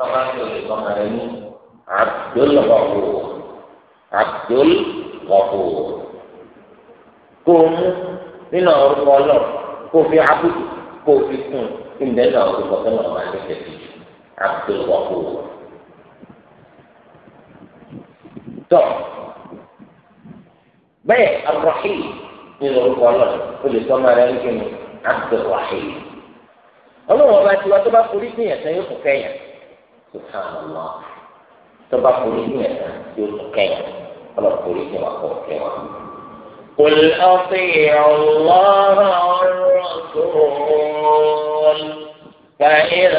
tọ́ba tó Abdul Ghafur Abdul Ghafur kó o mú nínú orúkọ ọlọ́ọ̀ kó o fi abudu kó o fi kún ìdẹ́ náà orúkọ tó náà máa ní kẹ̀kẹ́ Abdul Ghafur tọ́ bẹ́ẹ̀ Ar-Rahim nínú orúkọ ọlọ́ọ̀ o lè kọ́ ọmọ rẹ kí ni Abdul Rahim ọlọ́wọ́n bá tiwa tó bá forí gbìyànjú yóò fún kẹ́yìn. سبحان الله تبع فريقنا يوسف كين قل أطيعوا الله والرسول فإن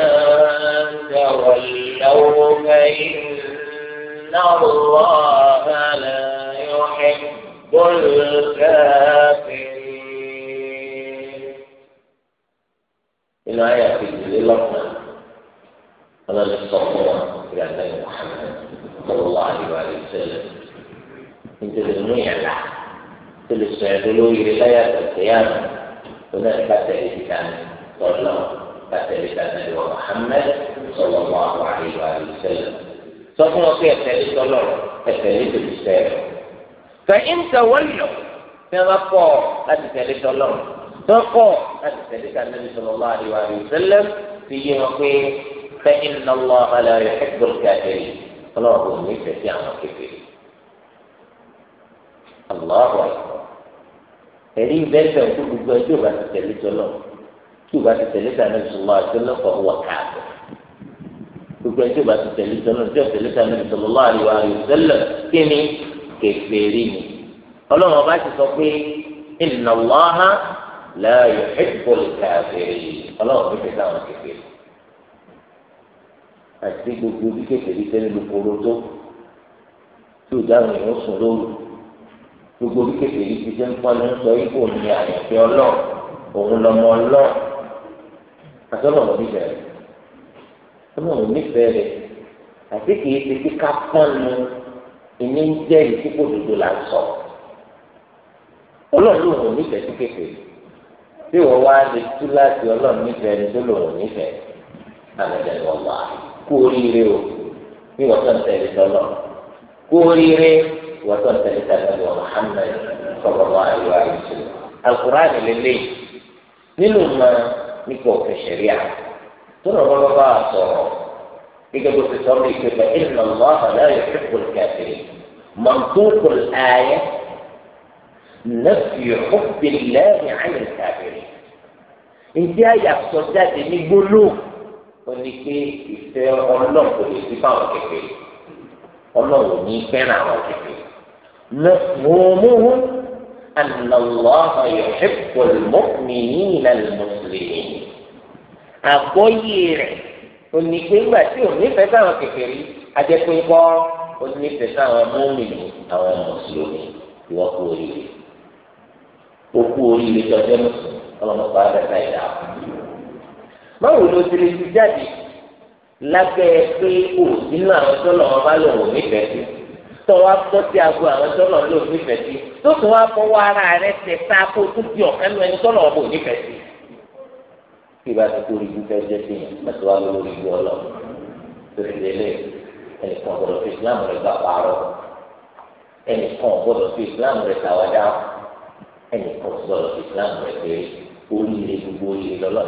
تولوا فإن الله لا يحب الكافرين. إن آية في الله فلا يستطيعون إلى النبي محمد صلى الله عليه وآله وسلم من تلميع الله كل السعدلوي لغاية القيامة هناك تأتي كان صلى تأتي كان النبي محمد صلى الله عليه وآله وسلم فكما في التأتي صلى التأتي بالسعر فإن تولوا تنقوا التأتي صلى تنقوا التأتي كان النبي صلى الله عليه وآله وسلم في يوم فإن الله لا يحب الكافرين الله هو مثل في عمل كفري الله أكبر ẹ̀rí ìbẹ́sẹ̀ ńkú gbogbo ẹjọ́ bá ti tẹ̀lé tọ́lọ̀ tí o bá ti tẹ̀lé tànà ìṣòwò àtẹlẹ́ kọ̀ wọ̀ káàbọ̀ gbogbo ẹjọ́ bá ti tẹ̀lé tọ́lọ̀ tí o tẹ̀lé tànà ìṣòwò àríwá àríwá kíni kẹfẹ́rí ni ọlọ́run ọba ti sọ pé ìnáwó ọ̀hán lẹ́yìn ẹ̀kọ́ lè káàbẹ̀rẹ̀ ọlọ́run ló ti dáhùn kẹfẹ́rí àti gbogbo bí kékeré tẹ́lẹ̀ ló koro tó tí ò dáhùn èèyàn sùn lóru gbogbo bí kékeré ti tẹ́ ń pọ́nlé ń sọ ipò ní àyànfẹ́ ọlọ́ọ̀ òun lọmọ ọlọ́ọ̀ àtọ́nà òbí bẹ̀rẹ̀ tọ́nà òní bẹ̀rẹ̀ àti kìí ṣe kí ká pọ́nlu ìní ń jẹ́ ìsípò dodo là ń sọ ọlọ́ọ̀lù òun nífẹ̀ẹ́ sí kékeré tí wọ́n wá lè tú láti ọlọ́ọ̀ nífẹ̀ẹ́ tó lòun nífẹ̀ẹ́ àmì kú oríire o ní wọ́tọ̀ ntẹ̀lé sọlọ kú oríire wọ́tọ̀ ntẹ̀lé sọlọ Muhammad sallallahu alaihi wasallam Al-Qur'an lélẹ̀ nínú ma ní nípa òfin ṣẹ̀ríà tó nà bàbá bá a sọ̀rọ̀ gẹ́gẹ́ bó ti sọ bí ìpínlẹ̀ inna Allaha la yuhibbul kafirin mantuqul aya nafyu hubbillahi 'anil kafirin. ǹjẹ́ àyà sọ jáde ní gbólóhùn. ó ní pé ìfẹ́ ọlọ́run kò lè sí fáwọn kẹfẹ́ ọlọ́run ní fẹ́ràn àwọn kẹfẹ́ mọ̀mọ́mọ́ anàlọ́hà yọ̀hẹ́pọ̀ mọ́kùnrin náà mùsùlùmí àgbọ́yé rẹ̀ ó ní pé nígbà tí òun nífẹ̀ẹ́ sáwọn kẹfẹ́ rí ajẹ́pé kọ́ ó nífẹ̀ẹ́ sáwọn mọ́mìnì àwọn mùsùlùmí ìwọ́ kú oríire ó oríire tọ́jú mùsùlùmí ọlọ́mọ bá báwo ló ti lè ti jáde lábẹ́ pé o nínú àwọn tọ́lọ̀ wọn bá lòun nífẹ̀ẹ́ sí tọ́ wa gbọ́ sí aago àwọn tọ́lọ̀ lòun nífẹ̀ẹ́ sí tó tún wá fọwọ́ ara rẹ tẹ̀ sá kó tún bí ọ̀kan lu ẹni tọ́lọ̀ wọn bò nífẹ̀ẹ́ sí. bí ìbá ti kórè ibi jẹ́ sí yẹn láti wá lórí ibi ọlọ́ torí ẹnìkan gbọ́dọ̀ fi Islam rẹ̀ gbà parọ́ ẹnìkan gbọ́dọ̀ fi Islam rẹ̀ tàwádà ẹnìkan gbọ́dọ̀ fi Islam rẹ̀ pé oríire gbogbo oríire lọ́lọ́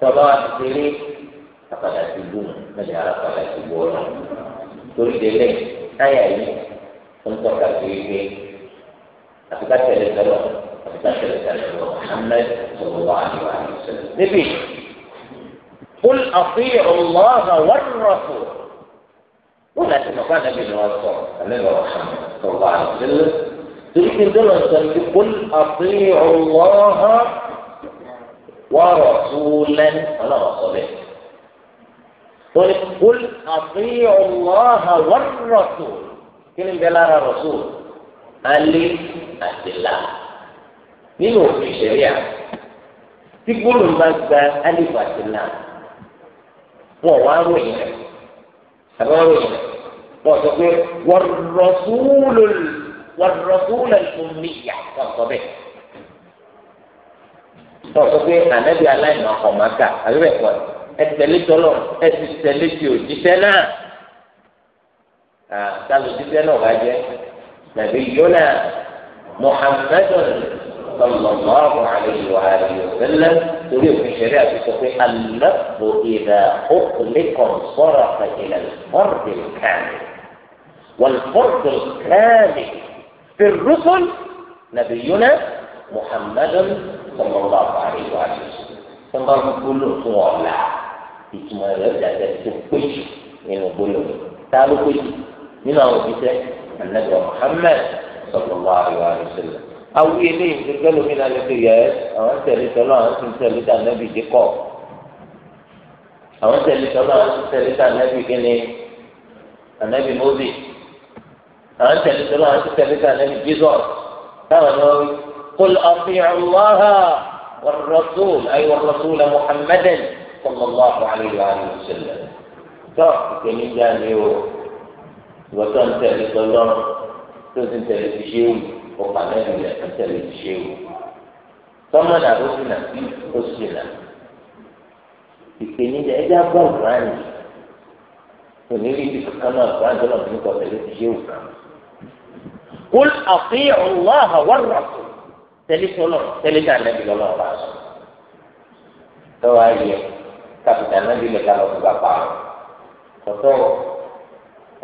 tọ́ba wa ti tẹ̀lé apàdà ti bù mẹ́lẹ̀ ara apàdà ti bù ọ́ náà torí délé táyà yìí ó ń tọ́ka sí wípé àtìká tẹ̀lé tẹ̀lọ́ àtìká tẹ̀lé tẹ̀lé lọ Muhammad sallallahu alaihi wa sallam. níbi kul ati'u Allah war-rasul wọn láti mọ̀ fún àdàbí ni wọ́n sọ àlejò ọ̀sán sallallahu alaihi wa sallam torí kí n tó lọ sọ kul ati'u Allah wọ́rọ̀ tó lẹ́nu ọlọ́run sọ bẹ́ẹ̀. wọ́n ní kúl àfihàn ọlọ́ha wọ́rọ̀ tó kí ni bẹ́ẹ̀ lára rọ̀ tó alẹ́ àtìlá nínú òfin ìṣẹ̀ríà tí gbólóhùn bá gba alẹ́ àtìlá wọ́n wá ròyìn rẹ̀ àbá ròyìn rẹ̀ wọ́n sọ pé wọ́rọ̀ tó lọ́lọ́ wọ́rọ̀ tó lọ́lọ́ sọ pé ànábì aláìní ọkọ̀ máa kà àbí bẹ́ẹ̀ kọ́ ẹtẹ̀lé tọ́lọ̀ ẹtì tẹ̀lé tí ò jíṣẹ́ náà àtàlù jíṣẹ́ náà bá jẹ́ nàbí yọ́nà muhammadun sallallahu alayhi wa alihi wa sallam torí òfin ṣẹlẹ̀ àti sọ pé alábò ìdá ọkùnrin sọ̀rọ̀ àtàkìlẹ̀ fọ́ọ̀dì kàmì والفرد الكامل في nàbí نبينا محمد sọlọ́lá àbárí ìwádìí tó bá fi gbólóhùn fún ọ̀la ìtumọ̀ rẹ̀ dàgbẹ́ tó péjì nínú gbólóhùn tá ló péjì nínú àwọn òṣìṣẹ́ ànágbà Muhammad sọlọ́lá àbárí sọlọ́ awu eléyìí tó gbẹ́lú mi náà lè fi yẹ àwọn tẹ̀lé tọ́lọ́ àwọn tó ń tẹ̀lé tà nẹ́bì dé kọ́ àwọn tẹ̀lé tọ́lọ́ àwọn tó tẹ̀lé tà nẹ́bì kí ni ànẹ́bì mọ́bì àwọn tẹ̀lé tọ́lọ́ àwọn tó tẹ̀lé tà nẹ́bì Jésù táwọn náà wí. قل أطيعوا الله والرسول أي أيوة والرسول محمدا صلى الله عليه وآله وسلم تعرف من جاني وكان تالي صلى تزن وقال تشيو وقالان لأن تالي تشيو ثم نعرفنا حسنا ìpèníjà ẹjẹ abọ́ ìbáraẹni onílé kankan náà ìbáraẹni tó lọ́ọ́ fi ń قل أطيعوا الله والرسول tẹ̀lé sọlọ tẹ̀lé tí anabi lọ́lọ́ ọba sọ lọ́wọ́ ayé kàpìtà anabi lè kalọ̀ fún bàbá rẹ̀ tọ́tọ́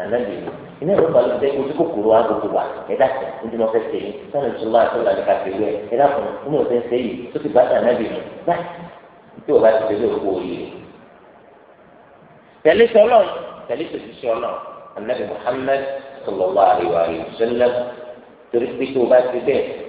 anabi iná ìlú balùwẹ̀ tẹ́ ojú kòkòrò agogo wa ẹ̀dá kan ojú náà fẹ́ sẹ́yìn sọ́nà ìṣúná àti ọ̀là ní kàféwé ẹ̀dá kan ojú náà fẹ́ sẹ́yìn tó ti bá anabi mu báyìí tí wọ́n bá ti tẹ̀lé òkú òye tẹ̀lé sọlọ tẹ̀lé tẹ̀lé sọlọ anabi Muhammad sallallahu alaihi wa sallam torí pé tó o bá ti bẹ́ẹ̀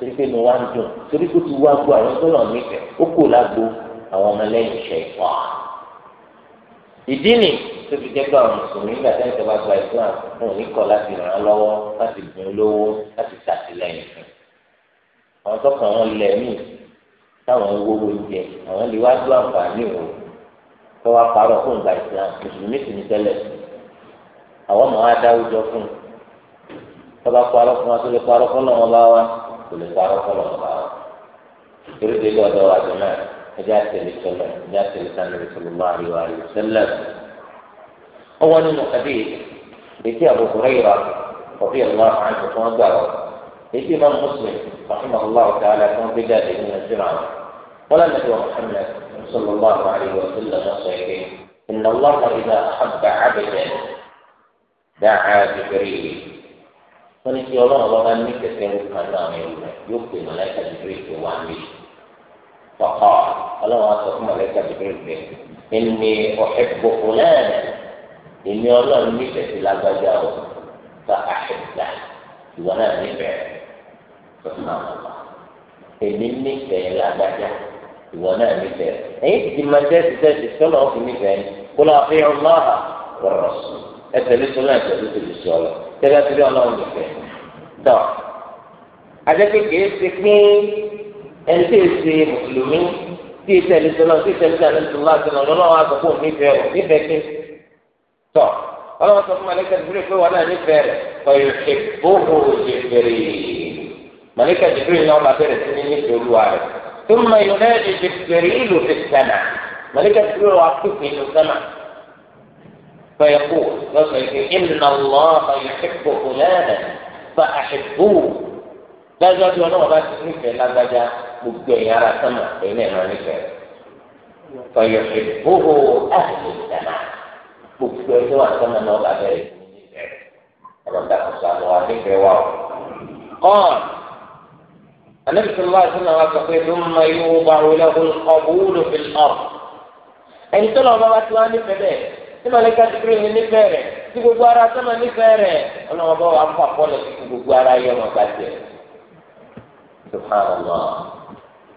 torí pé mo wá ń dùn torí pé ti wá gbọ́ àwọn sọlọ nífẹ̀ẹ́ ó kò lágbo àwọn ọmọlẹ́yìn iṣẹ ìfọ ìdí ni tó fi jẹ́ pé àwọn mùsùlùmí nígbà tí ẹnìkan bá gba islam wọn ò ní kọ̀ láti ràn án lọ́wọ́ láti gbìn olówó láti ṣàtìlẹ́yìn fún àwọn tọkàn wọn lẹ míì táwọn owó oúnjẹ àwọn lè wá gbọ́ àǹfààní o tó wá parọ́ fún ìgbà islam mùsùlùmí sì ní tẹ́lẹ̀ àwọn ọmọ wa dáwùjọ fún tó bá parọ́ fún wa tó lè parọ́ fún lọ́wọ́ bá wa. kò lè parọ́ kọ́lọ̀ parọ́ torí pé lọ́dọ̀ àjọmọ́ ẹjẹ́ àtẹlẹ sọlọ ẹjẹ́ àtẹlẹ sọlọ sallallahu alaihi wa sallam. ó wọ́n nínú kàdé ètí Abu Hurayra ọ̀bí ẹ̀rọ àti wọ́n gbà wọ́ ètí Imam Muslim rahimahullah ta'ala tó ń gbé jáde nínú síra wọn. wọ́n lẹ́nu tó Muhammad sallallahu alaihi wa sallam sọ èké inna Allah idha ahabba 'abdan da'a Jibril wọ́n ní kí ọlọ́run lọ́wọ́ ní kẹsẹ̀ ń kan náà àwọn ẹ̀rù rẹ̀ yóò pè mọ̀lẹ́kà jìbìrì pé wà mí. Tọ́kọ̀ ọlọ́run á sọ fún mọ̀lẹ́kà jìbìrì pé ẹni ọ̀hẹ́gbọ̀ fúlẹ́ẹ̀nì èmi ọlọ́run ní kẹsẹ̀ lágbájá o ta àṣẹ̀dá ìwọ náà nífẹ̀ẹ́ sọ́kànlá. Èmi nífẹ̀ẹ́ lágbájá ìwọ náà nífẹ̀ẹ́. Ẹ̀yin ti di máa tẹ́sí tẹ́sí sọ́nà ọ̀fìn nífẹ̀ẹ́ kó tẹ́lẹ̀ tí ọlọ́run lè fẹ́ tọ́ adékèké ṣe pé ẹni tí èsì mùsùlùmí tí èsì ẹlẹ́sọ̀lọ́ tí èsì ẹlẹ́sọ̀lọ́ tí èsì ẹlẹ́sọ̀lọ́ lọ́wọ́ àgbàpọ̀ nífẹ̀ẹ́ rẹ̀ nífẹ̀ẹ́ kí tọ́ ọlọ́run sọ fún malika jibril pé wọn náà nífẹ̀ẹ́ rẹ̀ ọ̀yọ̀ ìbòho jẹfẹ̀rẹ̀ malika jibril náà bá bẹ̀rẹ̀ sí ní nífẹ̀ẹ́ olúwa rẹ̀ tó máa yọ náà jẹfẹ̀rẹ̀ ìlú fi sẹ́nà malika jibril wà pípé ìlú sẹ́nà فيقول إن الله يحب فلانا فأحبوه لا زاد وأنا وبس نكر لا زاد بقي على سما بينما نكر فيحبه أهل السماء بقي على سما نوبة بينما قال النبي صلى الله عليه وسلم ثم يوضع له القبول في الأرض أن تلو ما بس وأنا ní màlẹ́kà dìgbìrì ní nífẹ̀ẹ́ rẹ̀ tí gbogbo ara sọ́mọ nífẹ̀ẹ́ rẹ̀ ọlọ́wọ́n bá wà fún àkọọ́lẹ̀ tí gbogbo ara yẹ wọn gbà jẹ. subhanallah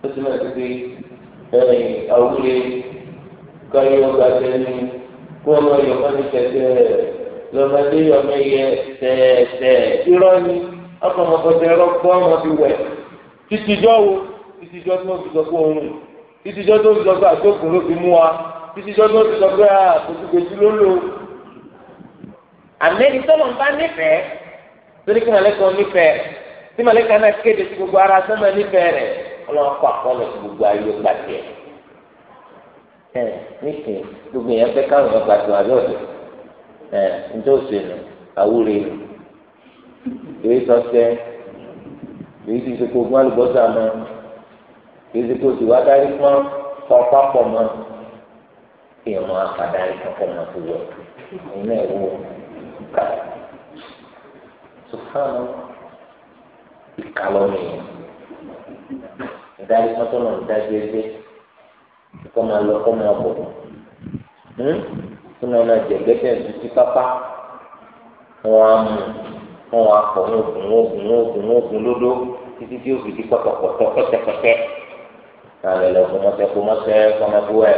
ó ti mọ̀ pé àwùjọ káyọ̀ ọgbà tẹ́lẹ̀ kó ọmọ yọ̀mọ́ ní tẹ̀sẹ̀ lọ́mọdé yọ̀mọ́ yẹ tẹ̀ẹ̀tẹ̀ irọ́ ni ọkọ̀ ọmọkọ̀tẹ̀ ẹ̀rọ gbọ́ ọmọ fi wẹ̀ títí jọ́ wo títí jọ́ tó fi sọ pé òun títí jọ́ tó fi sọ pé àtòkùn ló fi mú wa títí sọ́dún ti sọ pé àkójúgbèjú ah, ló lò. àmẹ́ni sọ́lọ̀ ń bá nífẹ̀ẹ́ torí kí màlẹ́kọ̀ nífẹ̀ẹ́ tí màlẹ́kọ̀ náà kéde sí gbogbo ara sọ́mọ nífẹ̀ẹ́ rẹ̀ ọlọ́run kọ́ àkọọ́lẹ̀ sí gbogbo ayé gbàgbé ẹ̀ nísìnyí gbogbo èèyàn fẹ́ káwọn èèyàn gbàgbé wà lọ́dọ̀ ẹ̀ ǹjẹ́ òṣèlú àwúre èyí sọ́sẹ́ èyí ti ṣe kó ogun àlùbọ́sà mọ́ èyí ti kó tìwádàrí fún ọ̀pá pọ̀ mọ́ kí ẹ máa fàdárí kankan máa fi wọ inú ẹ wọ ká sùfàánù ìkàlọ́ nìyẹn ìdárí pátọ́ náà ń dájú ẹgbẹ́ kọ́ máa lọ kọ́ máa bọ̀ hmm? kí wọ́n máa jẹ gbẹ́sẹ̀ títí pápá wọ́n á mú wọ́n á pọ̀ ní oògùn oògùn oògùn oògùn lódó títí tí ó fi di pọ̀tọ̀pọ̀tọ̀ pẹ́tẹ́pẹ́tẹ́. Àlẹ́ lọ́kùn mọ́sẹ́ kó mọ́sẹ́ kọ́mọ́bú ẹ̀.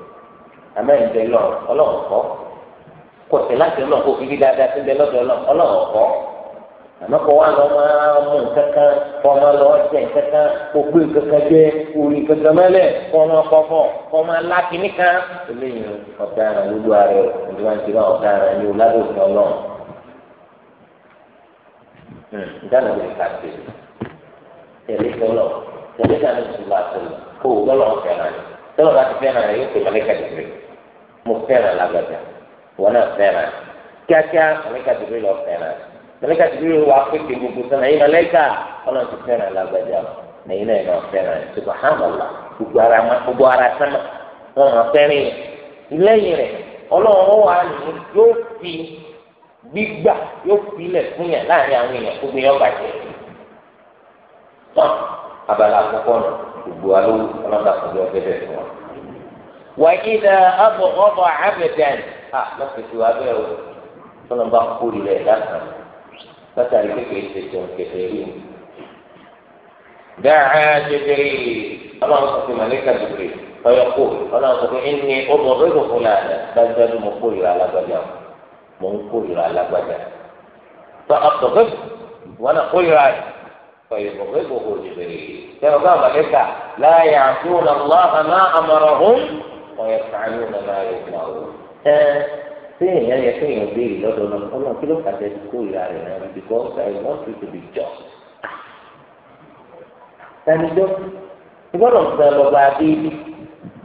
amẹ́rin bẹ lọ ọlọ́run kọ́ kọ̀tẹ́ láti lọ kó fífi dáadáa sí bẹ lọ́dọ̀ ọlọ́run kọ́ àmọ́ kọ́ wa lọ máa mú kankan kọ́ máa lọ jẹ kankan kó gbé kankan jẹ orí kankan mẹ́lẹ̀ kọ́ máa kọ́kọ́ kọ́ máa lá kínní kan. eléyìí ọ̀daràn lójú ààrẹ ìlú wa ń ti bá ọ̀daràn ní oládùn ìfẹ́ ọlọ́run. Hmm, ìdáná lè ka tèlé tẹ̀lé tẹ̀lọ́ tẹ̀lé tẹ̀lé tẹ̀lé tẹ̀lé kó o gbọ́dọ̀ fẹ́ràn yìí tọ́lọ̀ bá ti fẹ́ràn rẹ̀ yóò pè mọ́lẹ́kà dìbìrì mo fẹ́ràn lágbàdà wọn náà fẹ́ràn kíákíá mọ́lẹ́kà dìbìrì lọ fẹ́ràn mọ́lẹ́kà dìbìrì wà pépè gbogbo sọ́nà yìí mọ́lẹ́kà ọlọ́run ti fẹ́ràn lágbàdà lẹ́yìn náà náà fẹ́ràn ṣùgbọ́n hàmàlà gbogbo ara sánà wọn náà fẹ́ràn yìí ìlẹ́yìn rẹ̀ ọlọ́run wà ní yóò fi gbígbà yóò fi ilẹ̀ fún yàn láàrin àwọn gbogbo wa ló ọlọ́dà kò jọ bẹ́ẹ̀ fún wa. wàyí na abọ̀ ọbọ̀ abẹ̀dẹ̀n à lọ́sẹ̀ tí wà bẹ́ẹ̀ o tọ́lọ́ bá kórè rẹ̀ lásán látàrí kékeré ṣe jẹun kẹfẹ́ rí mi. دعا جبريل الله سبحانه ملك جبريل فيقول الله سبحانه إني أبغض فلانا بدل مقول على بدل منقول على بدل فأبغض وأنا قل عليه فيضربه جبريل كما ملكا لا يعصون الله ما أمرهم ويفعلون ما يؤمرون sẹ́yìn yẹn yẹ sẹ́yìn béèrè lọ́dọ̀ náà ọlọ́run kí ló pàṣẹ ti kó ìyá rẹ̀ náà because I want you to be just. Tani jọ ìgbọ́dọ̀ sọ lọ́ba abéyí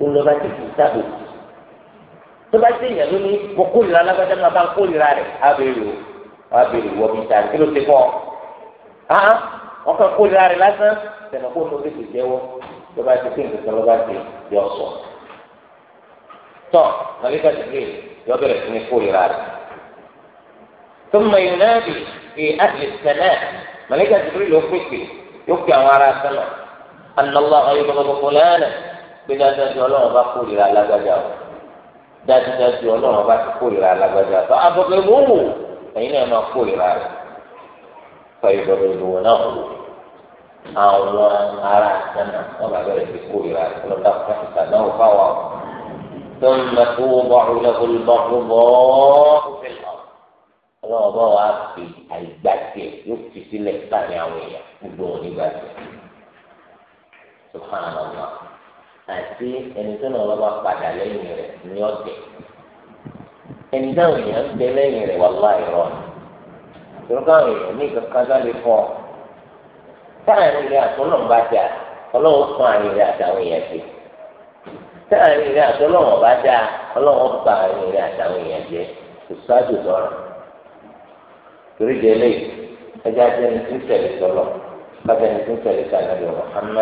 òun lọ́ba tí kì í sábò. Tó bá sẹ́yìn yẹn ló ní mo kórìíra alágbájá máa bá ń kórìíra rẹ̀ á béèrè o á béèrè wọ́n mi sáré kí ló ti kọ́ ọ́ wọn kàn kó lera rẹ lásán tẹnà kó lórí ti jẹwọ tó bá ti pín nǹkan lọba ti yọ sọ tọ màlíkà jìbìrì yọ bẹ̀rẹ̀ sí ní kó lera rẹ tó mọ ìnáàbì ì àdìlẹ sẹnẹ màlíkà jìbìrì ló pèpè yóò pè àwọn ará sẹnà anàlọ ayélujára fúlẹ́ẹ̀nì gbẹdájú ọlọ́run bá kó lera alágbájá o dájúdájú ọlọ́run bá ti kó lera alágbájá o àbọ̀bẹ̀ wò wò ẹ̀yin náà máa kó lera rẹ fẹ́ ìbọ̀bẹ̀ ìbọ̀wọ̀ náà wò àwọn ará àtẹnà wọn bá bẹ̀rẹ̀ sí kórìíra lọ́dà pẹ́ẹ́sìtà náà ó fáwà ó. tó ń bẹ tó bọ́ ọ̀rọ̀ lọ́kùnrin bọ́ ọlọ́wọ́ bá wàá fi àìgbàtì yóò fi sílẹ̀ láàrin àwọn èèyàn gbogbo wọn nígbàtì. subhanallah àti ẹni tó náà lọ́ba padà lẹ́yìn rẹ̀ ní ọ̀dẹ̀ ẹni táwọn èèyàn ń bẹ lẹ́yìn rẹ̀ wà láì rọ̀ ní. ìṣòro káwọn èèyàn ní ìkankan sáré fún ọ. táàrin rẹ àtọ́nà bá dà ọlọ́run fún àtàwọn èèyàn jẹ táàrin rẹ àtọ́nà bá dà ọlọ́run fún àrin rẹ àtàwọn èèyàn jẹ kò lọ́rùn torí délé tí ń tẹ̀lé sọlọ tí ń tẹ̀lé lẹ́yìn ọlọ́run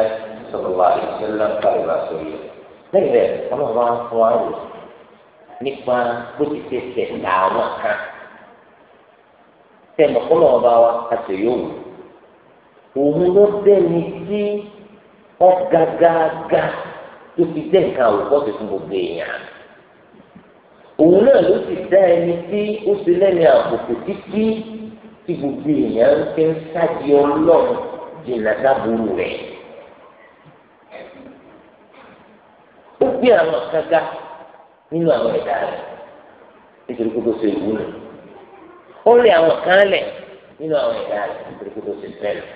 máa ń fún nípa àwọn kan òun ló dẹni tí ọ̀gágágá tó fi dẹ́ nǹkan àwòkọ́ ti fún gbogbo èèyàn òun náà ló sì dá ẹni tí ó ṣe lẹ́ni àbùkù títí tí gbogbo èèyàn ń fẹ́ sáàdì ọlọ́run jìnnà dábòrò rẹ̀ ó gbé àwọn gágá nínú àwọn ẹ̀dá rẹ̀ nítorí kó tó ṣe ìwúlò ó rí àwọn kan lẹ̀ nínú àwọn ẹ̀dá rẹ̀ nítorí kó tó ṣe fẹ́ lọ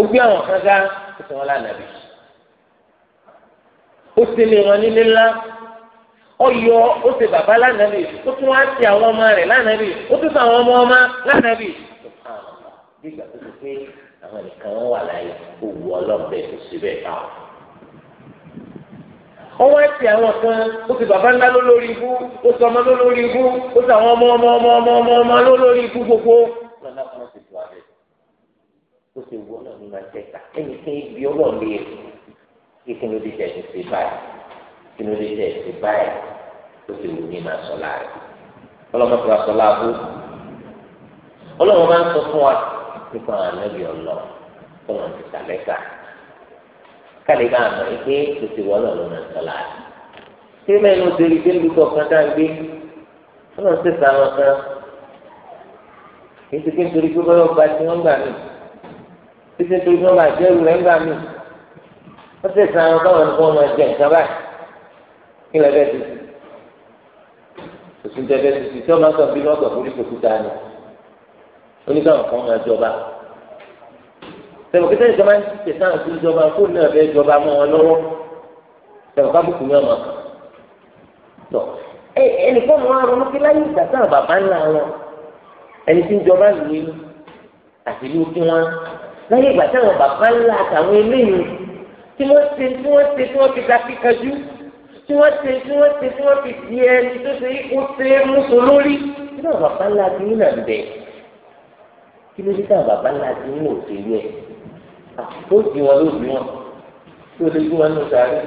ó gbé àwọn kan ká ó sì wọn lánàbì ó sì lè ràn nílé ńlá ọyọ ó sì bàbá lánàbì ó tún wá sí àwọn ọmọ rẹ̀ lánàbì ó tún sọ àwọn ọmọ ọmọ lánàbì bí tó ti pé àwọn nìkan wọn wà láyé òwú ọlọ́ọ̀bẹ kò síbẹ̀ báwọn ọwọ́ ẹ̀sìn àwọn kan ó ti bàbá ńlá lólórí ibú ó sọ ọmọ lólórí ibú ó sọ àwọn ọmọ ọmọ ọmọ ọmọ ọmọ lólórí ibú gbogbo ó ṣe wọ náà ní ẹni kí n bí ọlọ́ọ̀ lé e kí kí ló dé tẹ̀ ẹ̀ ṣe báyìí kí ló dé tẹ̀ ẹ̀ ṣe báyìí ó ṣe wù ní máa sọ láàrin ọlọ́mọ tó wá sọ láàbò ọlọ́mọ máa ń sọ fún wa nípa ànábì ọlọ tó wọn ti sàlẹ́kà káàdì bá àmọ́ yìí pé kò sí wọ́n náà ló máa sọ láàrin kí lẹ́yìn ló ṣe rí pé lùkọ̀ kan dá gbé ọlọ́run ṣèṣà wọn kan kì í ṣe pé nítorí pé bọ́lá ọba tí wọ́n gbà mí títí tó iná bá jẹ́ ìlú ẹ̀ńgbà mi wọ́n ti sàn án báwọn ẹ̀kọ́ máa jẹ nǹkan báyìí kí lẹ́fẹ́ ti sùn tẹ̀fẹ́ ti sùn tí wọ́n máa sọ bí lọ́sọ̀ fún ìkòkú dání oníkàwọn kan máa jọba tẹ̀wọ̀kẹ́tẹ́ ìjọba ń tẹ̀ sáà sí ìjọba kó náà fẹ́ jọba mọ́ wọn lọ́wọ́ tẹ̀wọ̀kábùkù ní ọmọ kan tọ̀ ẹnìkan mọ́ àrùn kí láyé ìgbà sáà bàbá ńlá wọn ẹni tí ń jọba lẹ́yìn ìgbà táwọn bàbá ńlá àtàwọn eléyìí tí wọ́n ṣe tí wọ́n ṣe tí wọ́n fi ga kíkanjú tí wọ́n ṣe tí wọ́n ṣe tí wọ́n fi di ẹni tó ṣe ikú ṣe é mú so lórí kí náà bàbá ńlá ti ń nà bẹ́ẹ̀ kí ló dé táwọn bàbá ńlá ti ń lò ṣe yẹ ó di wọn ló wọn tí o lè gbé wọn ní sáré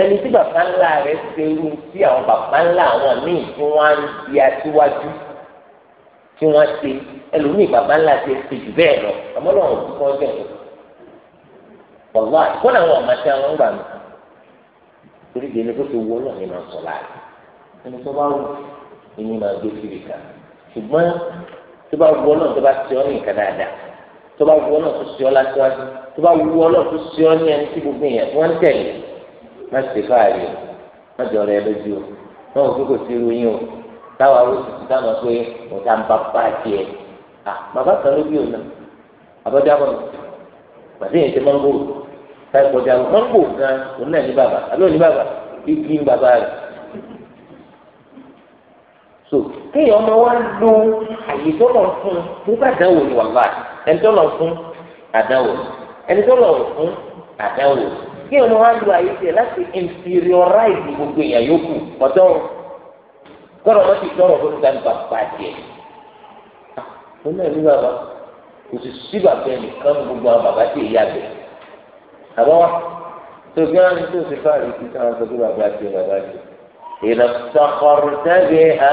ẹni tí bàbá ńlá rẹ ṣe irú tí àwọn bàbá ńlá àwọn míì tí wọ́n di aṣíwájú tí wọ́n ṣe ẹlòmíì bàbá ńlá ṣe ṣe jù bẹ́ẹ̀ lọ àmọ́ lọ́wọ́ òkú kan jẹ̀ lọ wọ́n àìkọ́ làwọn ọ̀ma tí wọ́n ń gbà mí torí gbèlè tó ti wọ́n náà ni màá sọ láàyè ẹni tó bá wù ẹni màá gbé síbi kan ṣùgbọ́n tó bá wù ọ́ náà tó bá ṣe ọ́ ní nǹkan dáadáa tó bá wù ọ́ náà tó ṣe ọ́ láṣíwájú tó bá wù ọ́ náà tó ṣe ọ́ ní ẹni tí gbogbo èèyàn tí wọ́n má ṣe fáàrí má jọ ẹ lójú o má kò sí irú yín o táwa ló sì ti dáná pé mo ta ń bá bá tiẹ̀ à bàbá kan ló bí òun náà àbọ̀dá bọ̀ ní pàdé yẹn ti mọ́ngòrò táyì pọ̀jà mọ́ngòrò gan òun náà ní bàbá àlọ́ ní bàbá igi ń bàbá rẹ̀ so kéèyàn ọmọ wa lo àyè tó lọ fún nígbà dáwò ni wàhálà ẹni tó lọ fún àdáwò ẹni tó lọ fún àdáwò kéèyàn ọmọ wa lo àyè tiẹ̀ láti inferiorize gbogbo èèyàn yòókù ọ̀tọ̀ tọrọ wọn ti tọrọ fún ìta nípa pàdé ní bàbá kò sì sí bàbá ẹnìkan ní gbogbo àwọn bàbá tí èyí àgbẹ̀ àbá wa tó bí wọn tó sì fáàrí kí sáwọn sọ pé bàbá tí bàbá tí ìlà sàkọrù tẹ́lẹ̀ ha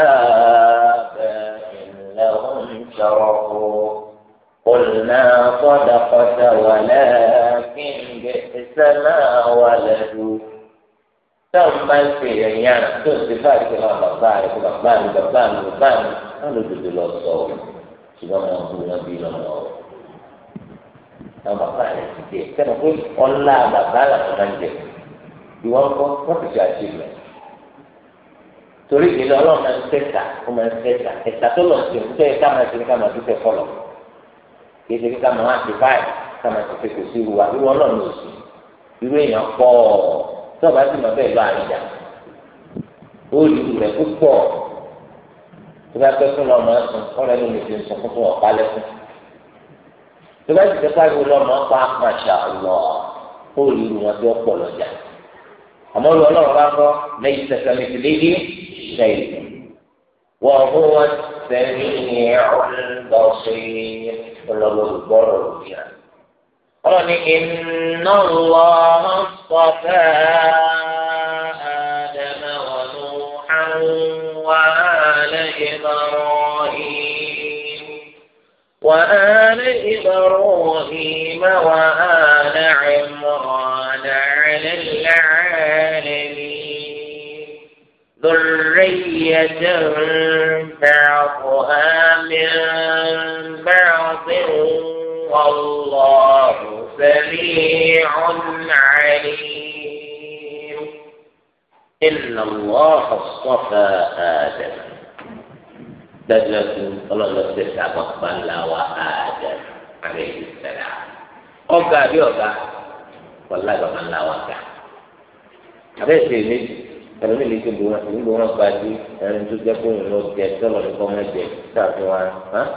ilẹ̀ ń sọ̀rọ̀ o قلنا صدقت ولكن بئس ما ولدوا táwọn bá ń pè é ẹ̀yìn àná tó ń ṣe báyìí pé wọn bàbá rẹ kó bàbá mi bàbá mi bàbá mi wọn ló dòdò lọ sọ ọ ṣùgbọ́n wọn bú wọn bí lọ́nà ọ. àwọn bàbá rẹ ti jẹ sẹ́nu pé ọlá bàbá làwọn máa ń jẹ ìwọ ń kọ́ wọ́n ti ṣe àṣìlẹ̀. torí ìdílé ọlọ́run máa ń tẹ̀sà ó máa ń tẹ̀sà ẹ̀sà tó lọ sí ìmúṣẹ́ ẹ̀ká máa ṣe ká máa dúpẹ́ fọlọ̀ kí ẹ̀ṣẹ̀ ká máa ṣe báyìí ká máa ṣe fẹ́ kò sí ìwà ìwọ ọlọ́run ò sí irú èèyàn pọ̀ ọ́ tí ọba sì máa bẹ́ẹ̀ lọ àríjà ó lù rẹ̀ púpọ̀ tó bá pẹ́ fún lọ́mọ ẹ̀sùn ọ̀rẹ́ ló lè fi sùn fún fún ọ̀pá lẹ́sùn tó bá sì fẹ́ pariwo lọ́mọ pa àmàṣà lọ ó lù wọn tó pọ̀ lọ́jà àmọ́ lọ ọlọ́run bá kọ́ lẹ́yìn tẹ̀sán mi ti léyìí ṣẹ́yìn wọ́n fún wọn sẹ́yìn ní ọ̀rẹ́ lọ́sẹ̀ ọlọ́run gbọ́rọ̀ òbí àná. قال إن الله اصطفى آدم ونوحا وآل إبراهيم وآل إبراهيم وآل عمران على العالمين ذرية بعضها من بعض والله سميع عليم إن الله اصطفى آدم دجاجة الله سيسع مقبلة وآدم عليه السلام أوكا بيوكا والله مقبلة وآدم أبيت لي ẹlòmíì lè ṣe gbòòrò gbòòrò gbajú ẹni tó jẹ kó ń lọ jẹ tọlọ ní kọ́mẹ́jẹ tàbí wọn hàn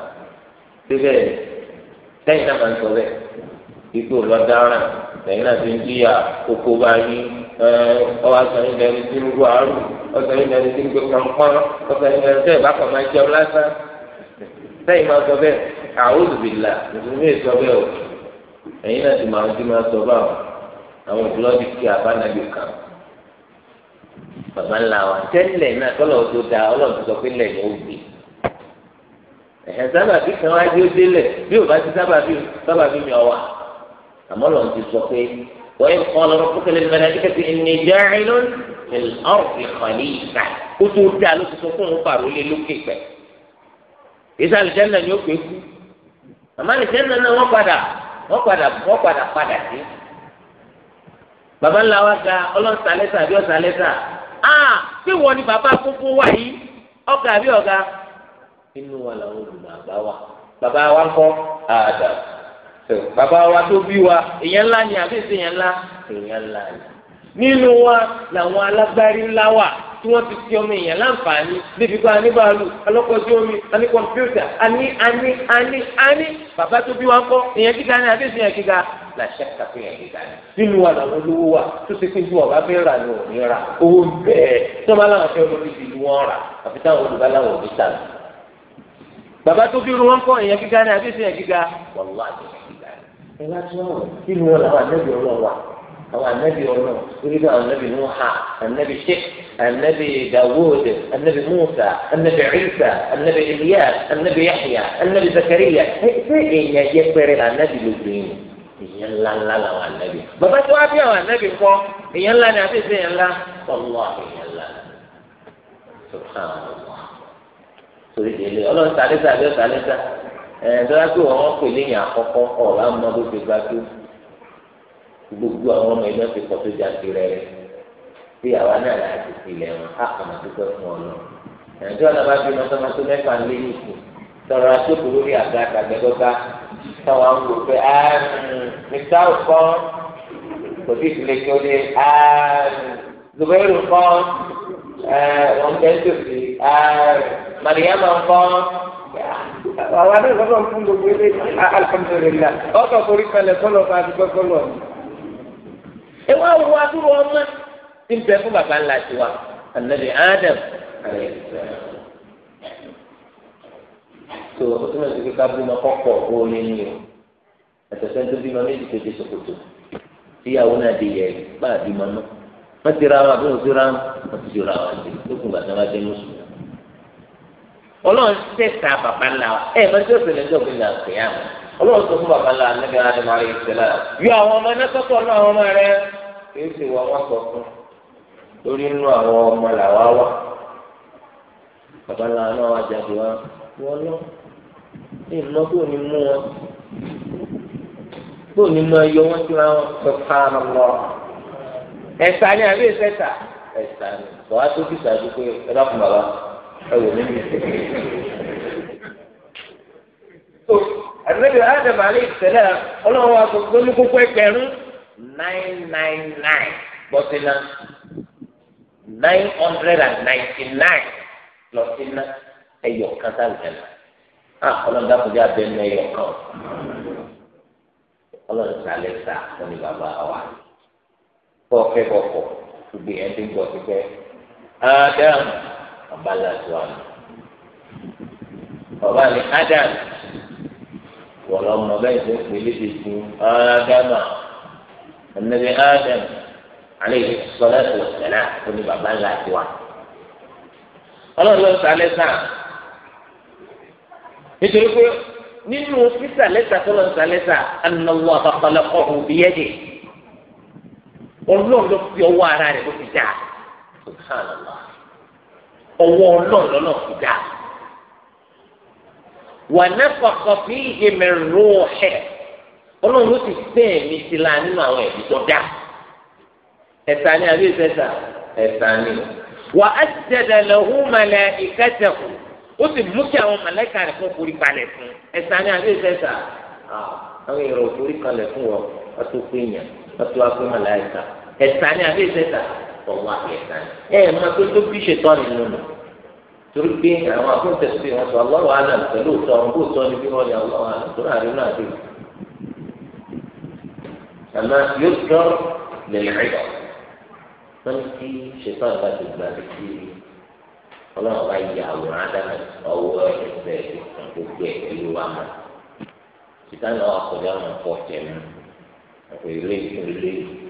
síbẹ̀ lẹ́yìn náà máa ń sọ bẹ́ẹ̀ ikú ọlọ́daràn lẹ́yìn náà ti ń jíyà oko bá yín ọwọ́ àtọ̀yìn lẹ́ni tí ń ru àárò ọ̀tọ̀yìn lẹ́ni tí ń gbé pọnpọ́n ọ̀tọ̀yìn lẹ́ni tẹ́ ẹ̀ bá kàn máa jẹun lásán lẹ́yìn máa sọ bẹ́ẹ̀ àwòzùbìlà mùsùlùmí sọ bẹ́ẹ̀ o lẹ́yìn náà ti máa ń tí máa sọ báwọn àwọn òbúlọ́ ti kí abánabì kan bàbá ńlá wa tẹ́lẹ̀ náà tọ́lọ̀ ẹ̀hẹ́ sábàbí kan wá dé ó délẹ̀ bí ò bá ti sábàbí sábàbí mi ọ̀wà àmọ́ lọ́n ti sọ pé wọ́n yẹ kọ́ lọ́rọ́ fún kẹlẹ́ nígbà tí kẹsì ẹni jẹ́ ẹ̀rọ ọ̀rùn ìkànnì ìgbà ó tó dáa ló ti sọ fún òun pàrọ̀ lé lókè pẹ̀ ìsà àlùjẹ́nà ni ó pè kú àmọ́ àlùjẹ́nà náà wọ́n padà wọ́n padà wọ́n padà padà sí baba ńlá wa ga ọlọ́sàlẹ́sà àbí ọ̀sàlẹ́sà ah tí wọ́n ni bàbá kúkú wáyé ọ̀gá àbí ọ̀gá inú wa làwọn olùmọ̀ àgbà wa bàbá wa ń kọ́ àdà bàbá wa tó bí wa èèyàn ńlá ni àbí èsì èèyàn ńlá èèyàn ńlá ni nínú wa làwọn alágbárí ńlá wà tí wọ́n ti fi ọmọ èèyàn láǹfààní débi pé aníbàálù alọ́kọ̀ọ́sí omi aní kọ̀mpútà aní aní aní aní bàbá tó bí wa ń kọ́ èèyàn gíga ni àbí èsì èèyàn gíga làṣẹ kàfé yẹn gíga ni nínú wa làwọn olówó wa tó ṣe pé ju ọba fẹ́ rà ní owó bẹ́ẹ̀ tí wọ́n bá láwọn fẹ́ lórí ìlú wọn rà àfi táwọn olùbá òbí tà bàbá tó bí ruwọn kọ èèyàn gíga ni àbí èèyàn gíga wàllu èèyàn gíga ẹ bá tún ọ̀rọ̀ kí ni wọn làwọn ànábì ọlọ́run wà àwọn ànábì ọlọ́run torí bá ànábì nuha ànábì sheikh ànábì dawud ànábì musa ànábì isa ànábì iliyas ànábì yahya ànábì zakariya ṣé èèyàn yẹ pẹrẹ ànábì lójú yìí èèyàn ńlá ńlá làwọn ànábì bàbá tó wá bí àwọn ànábì kọ èèyàn ńlá ni àbí èèyàn ńlá wàlúwà èèyàn ńlá subhanallah. torí délé ọlọ́run sàlẹ́sà àbí ọ̀sàlẹ́sà ẹ̀ dọ́lá pé wọ́n pè léyìn àkọ́kọ́ ọ̀la mọ́ bó ti gbá tó gbogbo àwọn ọmọ ẹgbẹ́ ti pọ̀ tó jáde rẹ̀ rẹ̀ bí àwa náà là á ti tilẹ̀ wọn á kàn máa dúpẹ́ fún ọ lọ. nàìjíríà náà bá bí mọ́tọ́mọ́ tó mẹ́fà lé nìkú tọrọ aṣọ́kù lórí àga àtàgbẹ́dọ́gba táwọn ń wò pé mr ọkọ kò tí ì fi lè kí ó dé zubairu kan ọ̀n tẹ́ńtò sí màlìyàmà ń kọ́ àwọn adájọ́ náà alhamdulillah ọkọ̀ torí kalẹ̀ kọ́lọ̀ bá ti gbọ́ kọ́lọ̀ ni. ẹ wá wo adúrò ọmọ tí ń bẹ fún bàbá ńlá tiwa ànábì Adam tó o túmọ̀ sí kíkà bímọ kọ́kọ́ owó nínú yìí ẹ̀sẹ̀ sẹ́ni tó bímọ méjì tó dé sokoto tíyàwó náà di yẹ bá a bímọ náà wọ́n ọlọ́run tẹ̀sà bàbá ńlá wa ẹ̀ mọ́tí ó ṣẹlẹ̀ ńjọ́ gbìyànjú àti ìyá ọlọ́run fún bàbá ńlá nígbà láti máa rí ìṣẹ̀lẹ̀ yọ àwọn ọmọ náà sọ́tọ̀ àwọn ọmọ rẹ kìí ṣe wọ wọn sọ fún lórí inú àwọn ọmọ làwa wà bàbá ńlá náà wà jáde wá wọn lọ ní ìmọ̀ kó ní mú wọn kó ní wọn wọn sọ ni àbí ẹwò mi ní so adam alayhi salam ọlọ́run wa gbogbo ní kókó ẹgbẹ̀rún nine nine nine bọ́sínà nine hundred and ninety nine lọ́sínà ẹ̀yọ̀ kan sálùjẹ̀nà à ọlọ́run dákúndé abẹ́nu ẹ̀yọ̀ kan ọlọ́run sálẹ̀ sá wọn bàbá wa kọ́ ọ̀kẹ́ gbogbo yẹn ń bọ̀ sí pé ọba làtúwà ni ọba ni adam wọlọ ọmọ bẹ́ẹ̀ tó pèlè tètè ádámà ẹnẹbi ádám aleyhi sọlẹtì ọsẹlẹ tó ní baba làtúwà ọlọ́run sálẹ sáà nítorí pé nínú sísàlẹ̀ sàtọ́lọ̀ sàlẹ̀ sà anáwó àbàkọ́lẹ̀ ọ̀hún bíyẹ́dẹ̀ ọlọ́run ló fi ọwọ́ ara rẹ̀ bó ti dà subhanallah ọwọ́ ọlọ́run lọ́nà fi dá. wà nẹ́kọ̀ọ́kọ́ fi ìhìmẹ̀ rú ọ̀hẹ́ ọlọ́run ló ti fẹ́ mi sí la nínú àwọn ẹ̀mí tó dá. ẹ̀sà ni àbí ìfẹ́sà ẹ̀sà ni. wà á ti dẹ̀dẹ̀ lẹ́hùn mẹ́lẹ̀ ìkẹ́tẹ̀kù ó sì mú kí àwọn mọ̀lẹ́kà rẹ̀ fún forí kalẹ̀ fún ẹ̀sà ni àbí ìfẹ́sà àwọn èrò forí kalẹ̀ fún wọn wọ́n tó pé yẹn wọ́n tó wá pé mọ̀lẹ́kà ẹ̀sà ni àbí ìfẹ́sà ọwọ́ àgbẹ̀ta ẹ ẹ máa tó tó bí ṣètọ́ nínú nù torí pé àwọn akóńtẹ̀sí pé wọ́n sọ ọlọ́wọ́ àná pẹ̀lú òótọ́ wọn kó tọ́ ni bí wọ́n ní ọlọ́wọ́ àná tó rà nínú àdé àmọ́ yóò tọ́ lẹ́yìn rẹ̀ wọ́n ti ṣètọ́ nípa ti gbà lé sí ọlọ́wọ́ bá yẹ àwòrán ádámà ọwọ́ ẹgbẹ́ gbogbo ẹ̀ pẹ̀lú wa mọ́ sìkánì ọkọ̀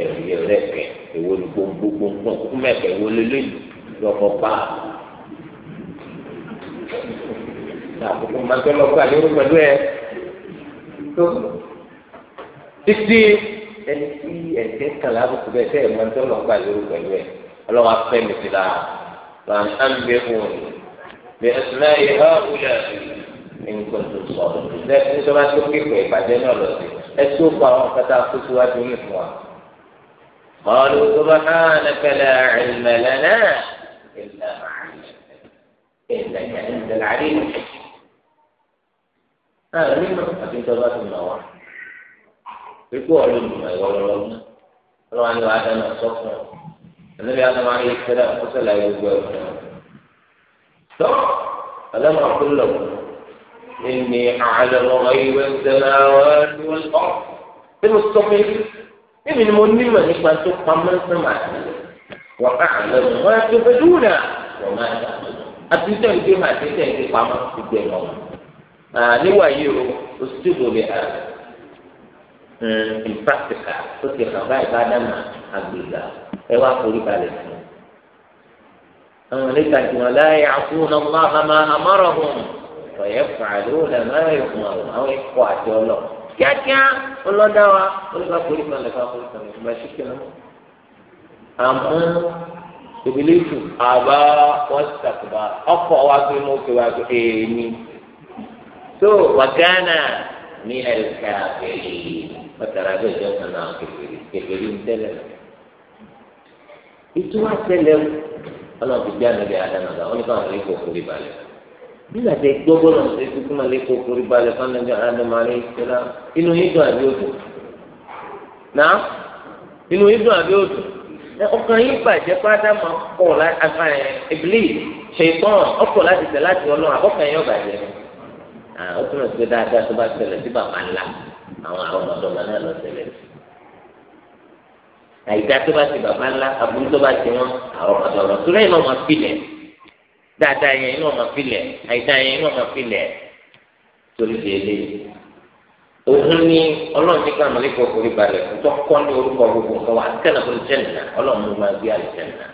ẹ̀rí ẹ̀rẹ́kẹ̀ èwo ni gbogbo gbogbo kú mẹ́kẹ̀ èwo lélẹ́yìn lọ́kọ̀ pa. àkókò máa tọ́ lọ́kọ̀ àdéhùn pẹ̀lú ẹ̀ tó títí ẹni tí ẹ̀jẹ̀ kàlà àbùkù bẹ́ẹ̀ tẹ́ ẹ̀ máa tọ́ lọ́kọ̀ àdéhùn pẹ̀lú ẹ̀ ọlọ́wọ́ afẹ́ mi ti la wọn á ń bẹ fún mi bẹ ẹsùnà yìí hàn wúlò àbí nǹkan tó sọ̀rọ̀ lẹ́yìn tó bá tó ẹ قالوا سبحانك لا علم لنا إلا ما علمتنا إنك أنت العليم هذا هذا مما أتيت من الله يقول علم ما ربنا لو أن وعد أن أصفه النبي آدم عليه السلام قتل أي جوال ألم أقل له إني أعلم غيب السماوات والأرض بالمستقيم níbi ni mo nímọ̀ nípa tó pamọ́ sọ́mà wọ́n á lọ wọ́n á tó fẹ́ dúró wọ́n máa dà àti sẹ́yìn tó máa ti sẹ́yìn tó pamọ́ gbogbo ẹ̀ lọ́wọ́ níwà yìí o o sì tó lè hà hmm, in practical ó ti hàn báyìí bá dáná àgbègbà ẹ wá forí balẹ̀ fún un. àwọn níta tí wọn láyé àfúnà máa máa amárọ̀hún ọ̀yẹ́ fàlóòlà máa yọ̀ fún àwọn ẹ̀kọ́ àti ọlọ́ọ̀ kíákíá ọlọ́dá wa olùkọ́ àpòlì kan lẹ́ka àpòlì kan lẹ́ka ìgbà ṣíkì náà. àmọ́ ìbílẹ̀tù àbá wọ́sítàkùbà ọkọ̀ wa pé mo fi wá pé èmi. tó wàgánà ní ẹ̀ka àbẹ̀lẹ̀ pàtàkì àbẹ̀jọ́ kan náà kékeré kékeré ń tẹ́lẹ̀. ìtura tẹ́lẹ̀ ọlọ́run ti gbé àná bí adánadá ó ní káwọn ilé kò kórè balẹ̀ nígbà tí gbogbo náà ṣe kúkú máa lè kó forí balẹ̀ fanabi adamu alẹ́ ìṣẹ́lá inú yín dùn àbí òdùn náà inú yín dùn àbí òdùn ọkàn yín bàjẹ́ pátá máa kọ̀ láti ìbílí ṣètọ́n ọkọ̀ láti tẹ̀ láti ọlọ́run àbọ̀kàn yín ọ̀bàjẹ́ ni ó túnbọ̀ sí pé dáadáa tó bá tẹ̀lẹ̀ sí bàbá ńlá àwọn àwọn ọmọdọ́mọ náà lọ tẹ̀lẹ̀ sí tó bá ti bàbá ńlá àbúrú tó bá ti wọn àwọn ọmọdọ́mọ tó lẹ́yìn náà wọn fi lẹ̀ dáadáa yẹn inú ọmọ filẹ̀ àìdáa yẹn inú ọmọ filẹ̀ torí di eléyìí ni ọlọ́run ní ká mọ̀lẹ́kọ̀ orí balẹ̀ tó kọ́ ní orúkọ gbogbo nǹkan wa kẹ́nà kó jẹ́nìnà ọlọ́run ló máa gbé àlùjẹ́nìnà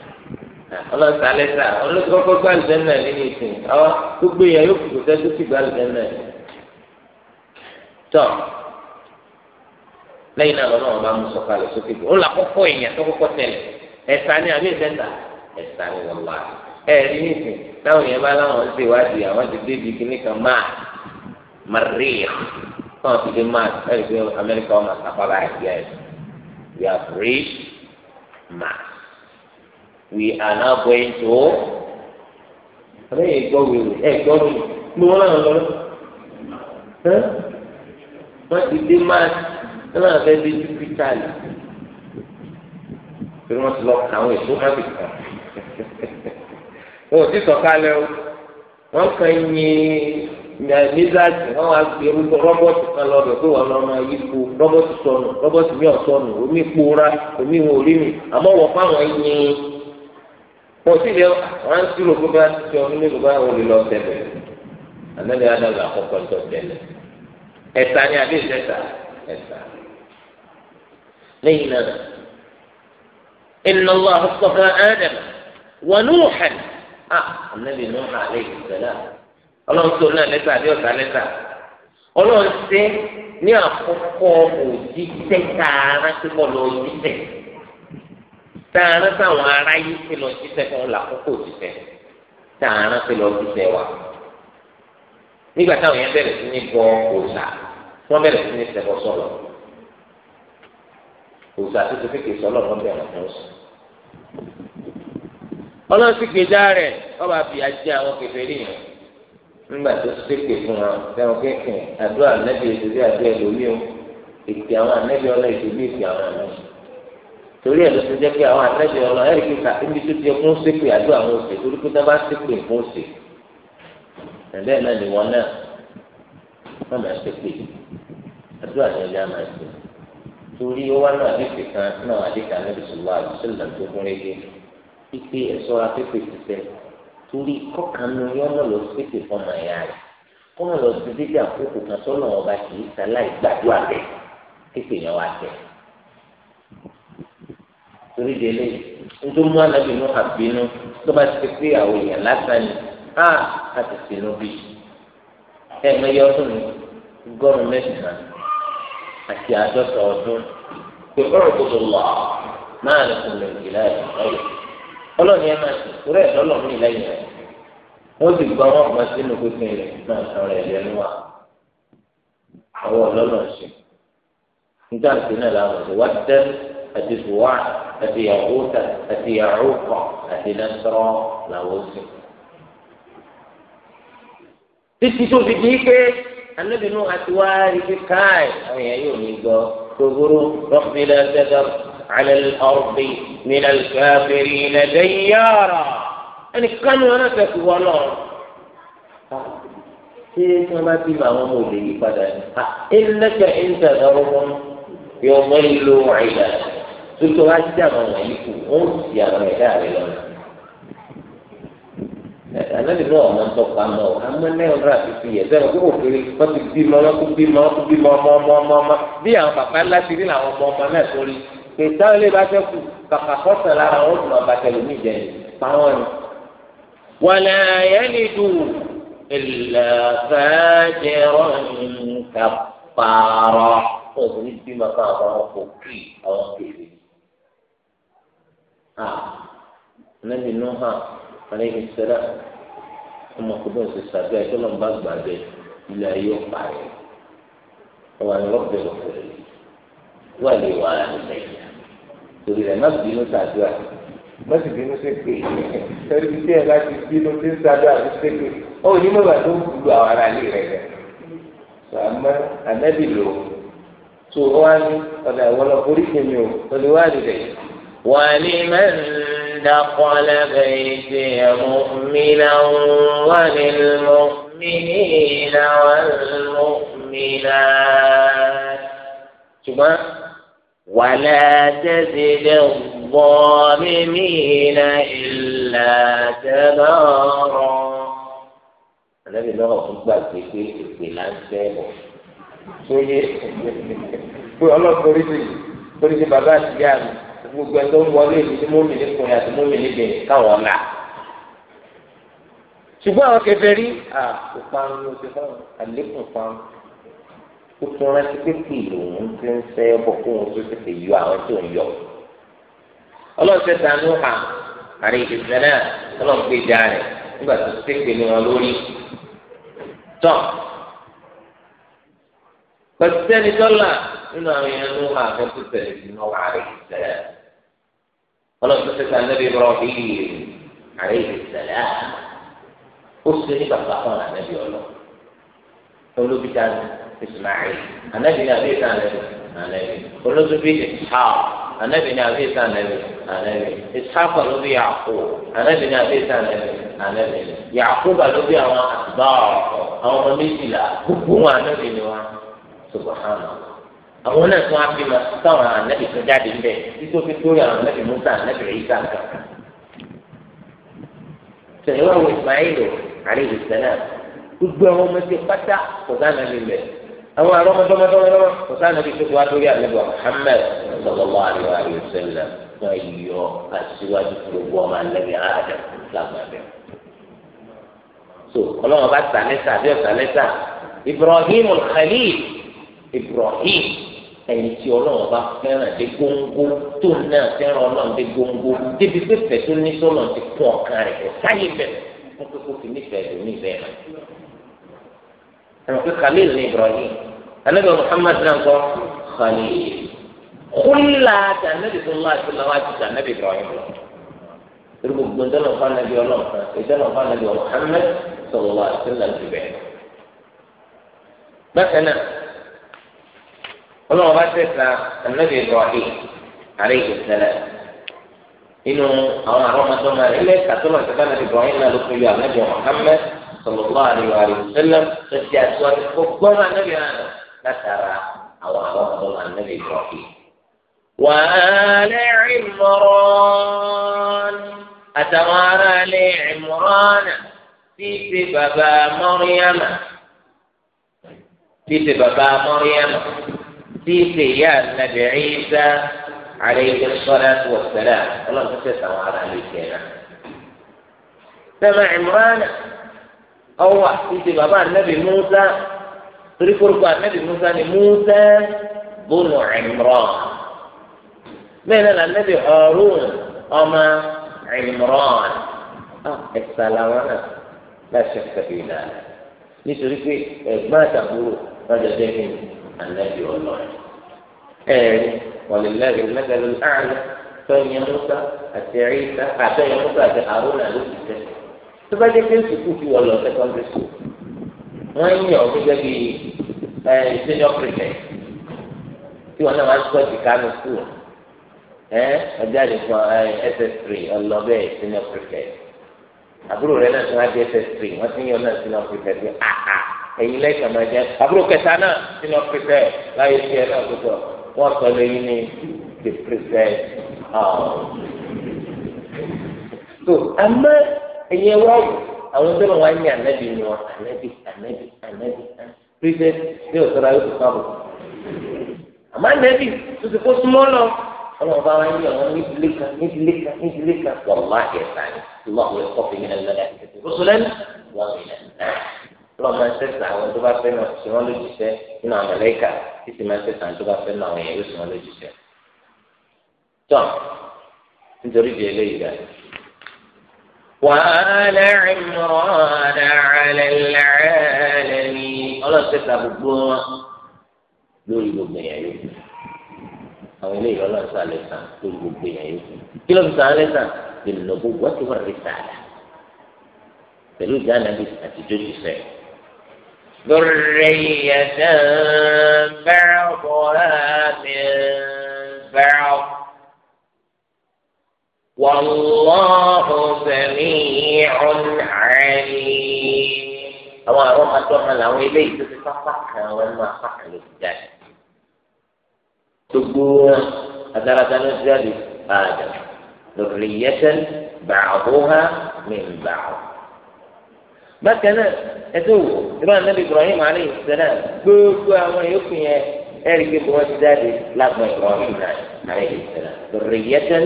ọlọ́run sálẹ̀ sá ọlọ́run kọ́kọ́ gbé àlùjẹ́nìnà nínú ìsìn àwọn gbogbo èèyàn yóò kùkù sẹ́jú sí gbé àlùjẹ́nìnà tọ́ lẹ́yìn náà lọ́nà ọba mú sọ̀kalẹ̀ sókè bò ó là kọ́kọ́ èèyàn tó kọ́kọ́ tẹ̀lé ẹ̀sán ni àbí ẹ̀sán táwọn yẹn bá láwọn ń ṣèwádìí àwọn ti débi kíní kan máa maria táwọn ti dé máa ẹni pé amẹ́ríkà ọmọ àtàkọ́lá ẹ̀yà ẹ̀ we have reached mass we are now going to ẹ̀yìn gbọ́ wíwì ẹ̀ gbọ́ mi ni wọ́n láwọn lọ́rọ́ wọ́n ti dé máa wọ́n náà fẹ́ dé jupiter lọ wọ́n ti lọ kàwé tó má wọn ò ti sọ̀kalẹ̀ o wọ́n kàn yín mísàsì wọ́n wá gbé rọ́bọ̀tì kan lọ́dọ̀ pé wọ́n lọ́ọ́ máa yípo rọ́bọ̀tì sọnù rọ́bọ̀tì mi ò sọnù omi kpóra omi wọn ò rí mi àmọ́ wọ́n fáwọn yín wọn ò sì lè wọ́n á ń sírò pé bá ti sọ nínú ìlú olè lọ sẹ́bẹ̀ ànábi adága àkọ́kọ́ ń tọ́ tẹ́lẹ̀ ẹ̀ta ni àbí ìṣẹ́ta ẹ̀ta lẹ́yìn náà inna Allah istafa Adam wa Nuhan ah anabi nuhu alayhi salam ọlọ́run tó náà lẹ́tà àbí ọ̀tá lẹ́tà ọlọ́run ṣe ní àkókò òjíṣẹ́ tààrà tí mo lọ jíṣẹ́ tààrà táwọn aráyé ti lọ jíṣẹ́ fún làkókò òjíṣẹ́ tààrà ti lọ jíṣẹ́ wa nígbà táwọn yẹn bẹ̀rẹ̀ sí ní bọ òòṣà wọ́n bẹ̀rẹ̀ sí ní ṣẹbọ sọ̀rọ̀ òòṣà tó ti fi kè sọ́lọ̀ wọ́n bẹ̀rẹ̀ fún sùn ọlọ́run sì gbèjà rẹ̀ ọba fìyà jẹ àwọn kèfèrí yẹn nígbà tó ṣépè fún wọn fẹ́ràn kéèké àdúrà ànábì ìdílé àdúrà ẹlòmíì o ètè àwọn ànábì ọlọ́ ìdílé ètè àwọn ànábì torí ẹ̀ ló ti jẹ́ pé àwọn ànábì ọlọ́ ẹ̀rí kíkà níbi tó ti yẹ fún ṣépè àdúrà àwọn òsè torí pé tá bá ṣépè fún òsè ẹ̀dẹ́ náà ni wọn náà wọ́n máa ṣépè àdúrà ni ẹja máa ṣe torí ó wá náà pípé ẹ̀ṣọ́ra pépè sísẹ torí kọ́kànnú yọ́nà lọ pépè fọmọ ẹ̀yà rẹ̀ kọ́nà lọ sí dídí àkókò kan sọ́nà ọba kì í sáláì gbàdúrà rẹ̀ pépè yẹn wá tẹ̀. torí délé nítorí mú anábì nù àbínú tó bá ti fi pé àwọn èèyàn lásán ni á àti sínú bí ẹ̀ẹ́mẹ́yẹ ọdún ni gọ́ọ̀rùn mẹ́sàn-án àti àádọ́ta ọdún pé ọ̀rọ̀ kò tó lọ́ọ̀ máa lè fún mi ìlà ọlọ́ọ̀ni ẹ máa sìn torí ẹ̀dọ́ lọ́ọ̀ mí lẹ́yìn rẹ̀ wọ́n sì gba wọn kan sínú pínpín rẹ̀ náà sọ rẹ̀ lẹ́nu wa àwọn ọlọ́nà sí níta sí náà làwọn ọ̀sẹ̀ wá tẹ́ àti fùwà àti yàgòtà àti yàgòkọ àti nàṣọrọ làwọn sí. títí tó fi di pé anábìínú àti wá rí pé káì àwọn èèyàn yóò ní gbọ́ gbogbo rọ́bìlẹ̀ ṣẹ́dọ̀rọ̀. على الأرض من الكافرين ديارا أن كان هناك كوالا كيف ما ما هو مولي آه، إنك إن تذرهم يضلوا عبادك قلت أجد من يكون يا مدار أنا اللي ما من ما هو أما أنا أنا راسي فيه زي ما تقول في الفتي في ما ما kìtàn lè bá tẹ́kù kàkà kọ́sàn lára wọn tún máa bàtẹ lómi jẹ pàwọn ni. wàlẹ̀ ayẹ́lì dùn ìlà fẹ́ẹ́jẹ̀rọ̀ nǹkan pààrọ̀ fún òṣèlú bí màá kàn àwọn òkè àwọn kèrè. a nẹ́bí nù hàn àlẹ́yìn sẹ́dá ọmọkùnrin ṣe sàbẹ̀ ẹ̀ tó lọ́n bá gbàgbẹ́ ilé ayé ọ̀pá rẹ̀ ọ̀wà ni rọ́bì rẹ̀ wà lè wà á nìyẹn torí rẹ̀ má bínú sàdúrà má sì bínú ṣépè torí tí ẹ bá ti bínú tí sàdúrà ti ṣépè ó ní mọ̀gbà tó ń lu àwọn ará ilé rẹ̀ rẹ̀ sàmọ́ ànábì lò tó wá ní ọ̀dà ìwọlọ orí kèmí o lórí wá dìde. wà ní mẹ́ńdà kọ́lẹ́ bẹ́ẹ̀ ti ẹ̀mú mi náà wà nílùú mi ní wà nílùú mi náà. ولا تزد الظالمين إلا تبارا النبي لغة خطبة كيكي إبتلان سيبو sóyè pé ọlọ́kùnrin sì torí sí bàbá àtìyá mi gbogbo ẹ̀ tó ń wọlé èmi tí mọ́mì ní kùnrin àti mọ́mì ní bẹ̀rẹ̀ káwọn là. ṣùgbọ́n àwọn kèfèrí à ìparun ló ti fáwọn àlékún fáwọn ó ti rántí pé kí lòun ti ń fẹ́ bọ̀ kó wọn tó tètè yọ àwọn tó ń yọ. ọlọ́run ṣe ta Nuha àrí ìṣẹ̀lẹ̀ ọlọ́run gbé ìjà rẹ̀ nígbà tó ṣe pé ní wọn lórí. tọ́ pẹ̀lú sẹ́ni dọ́là nínú àwọn èèyàn Nuha àfẹ́ tó tẹ̀lé ìdùnnú wà àrí ìṣẹ̀lẹ̀. ọlọ́run tó ṣe ta Nabi Ibrahim àrí ìṣẹ̀lẹ̀ ó ṣe ní bàbá kan àná ismail anabi ni abiy san lẹbi anabi olóṣùbí ishaq anabi ni abiy san lẹbi anabi ishaq ló bí yaqub anabi ni abiy san lẹbi anabi yaqub ló bí àwọn asbar àwọn ọmọ méjìlá gbogbo wọn anabi ni wọn subahana àwọn náà tún á bí ma sáwọn anabi tó jáde ńbẹ títí fi tóyà àwọn anabi musa anabi isa kankan tẹ̀lé wọn wọ ismail alayhi gbogbo àwọn ọmọ ẹgbẹ́ pátá kò sáà nàbí mẹ́rin àwọn arọmọdọmọdọmọdọmọ kò sáà nàbí tó wá lórí àlejò Muhammad sallallahu alaihi wa sallam wọn yọ aṣíwájú gbogbo ọmọ alẹbi àdà lágbàdẹ. so ọlọ́run bá sàlẹ́sà bí ọ̀sàlẹ́sà Ibrahim Khalil Ibrahim ẹni tí ọlọ́run bá fẹ́ràn dé góńgó tó náà fẹ́ràn ọlọ́run dé góńgó débi pé fẹ̀tọ́ ní sọ́nà ti kún ọ̀kan rẹ̀ sáyé bẹ̀rẹ̀ fún pé kó fi nífẹ̀ẹ́ lómi bẹ́ẹ̀ náà. ẹ̀rọ pé Khalil ni Ibrahim. anabi muhammad náà sọ khalil kúlà tí anabi sọlá sọlá wà ti anabi ibrahim lọ torí gbogbo ntẹ́ lọ́nà fún anabi ọlọ́run kan ntẹ́ lọ́nà fún anabi muhammad sọlá sọlá ti bẹ́ẹ̀. bákan náà ọlọ́run bá tẹ̀sà anabi ibrahim alayhi salam inú àwọn àrọ́mọdọ́mọ rẹ̀ ilé kàtọ́lọ̀ ìtẹ́ká anabi ibrahim náà ló fi yọ anabi muhammad sọlá alayhi wa sallam tó ti àtúwájú gbogbo ọmọ anabi náà látara أو àwọn ọmọ ànábì Ibrahim. وآل عمران أتوارى لعمران في بابا مريم في بابا مريم في سيان النبي عيسى عليه الصلاة والسلام الله تتوارى عليك سمع عمران أو في بابا النبي موسى torí forúkọ anabi musa ni musa bónú Imran bẹ́ẹ̀ náà lànàbì Harun ọmọ Imran ah, ẹ̀sà làwọn náà láṣẹ kàbílà nítorí pé ẹ̀gbọ́n àtàbúrò lọ́jọ́ dẹ́gbìn anabi ọlọ́run ẹ̀rí wàlúùláàbí mẹ́tàlú ààrẹ tọ́yìn musa àti ẹ̀ríta musa àti Harun àlùfẹ́ tó bá jẹ́ pé sùkúù fi wọ̀ lọ sùkúù wọ́n ń yàn gẹ́gẹ́ bí ẹ senior prefect tí wọ́n náà máa ń sọ ti kánú school ẹ ọjàde fún ẹ ss3 ọlọ́bẹ senior prefect àbúrò rẹ náà ti wá di ss3 wọ́n ti ń yàn náà senior prefect bí aha ẹ̀yin lẹ́yìn kan máa jẹ́ àbúrò kẹta náà senior prefect láyé tí ẹ náà gbọ́dọ̀ wọ́n sọ lẹ́yìn ní the prefect ọ̀hún. so àmọ́ ẹ̀yin ẹ̀wọ́ ọ̀hún àwọn tó lọ́wọ́ ní ànábì ni wọn ànábì ànábì ànábì pípẹ́ bí o sọ̀rọ̀ ayé tó fà bọ̀. àmọ́ ànábì tó ti kó súnmọ́ lọ ọlọ́run bá wá ní ọ̀rọ̀ ní ìdílé kan ní ìdílé kan ní ìdílé kan wọ́n máa yẹ sáyẹn lọ́wọ́ àwọn ẹ̀kọ́ fi yẹn lọ́dà ìṣẹ̀tẹ̀ rọ́sọ̀lẹ́nu wọ́n rìn náà lọ́wọ́ máa ń sẹ́sà àwọn tó bá fẹ́ náà sì wọ́n lójúṣẹ́ nínú àwọn mẹ̀lẹ́kà tí sì máa ń sẹ́sà tó bá fẹ́ náà àwọn èèyàn yóò sì wọ́n lójúṣẹ́. tọ́ nítorí di eléyìí dáa وآل عمران على العالمين الله سيطر بقوة لوي بقوة يا يوسف أولي الله سالسا لوي بقوة يا يوسف كلا بسالسا بالنبوة والرسالة فلو بس أتجوش سيء ذرية بعضها من بعض wàlláhu sami'un alim. àwọn àwọn ọmọdé ọmọ làwọn eléyìí tó ti pápá kan àwọn ẹnu apá kan ló ti jáde. gbogbo wọn adarada ló ti jáde báyà lórí yẹtẹ ba'duha min ba'd. bákan náà ẹtú wò ìbá nàbí Ibrahim alayhi salam gbogbo àwọn yòókù yẹn ẹ̀rí gbogbo wọn ti jáde lágbọn Ibrahim alayhi salam lórí yẹtẹ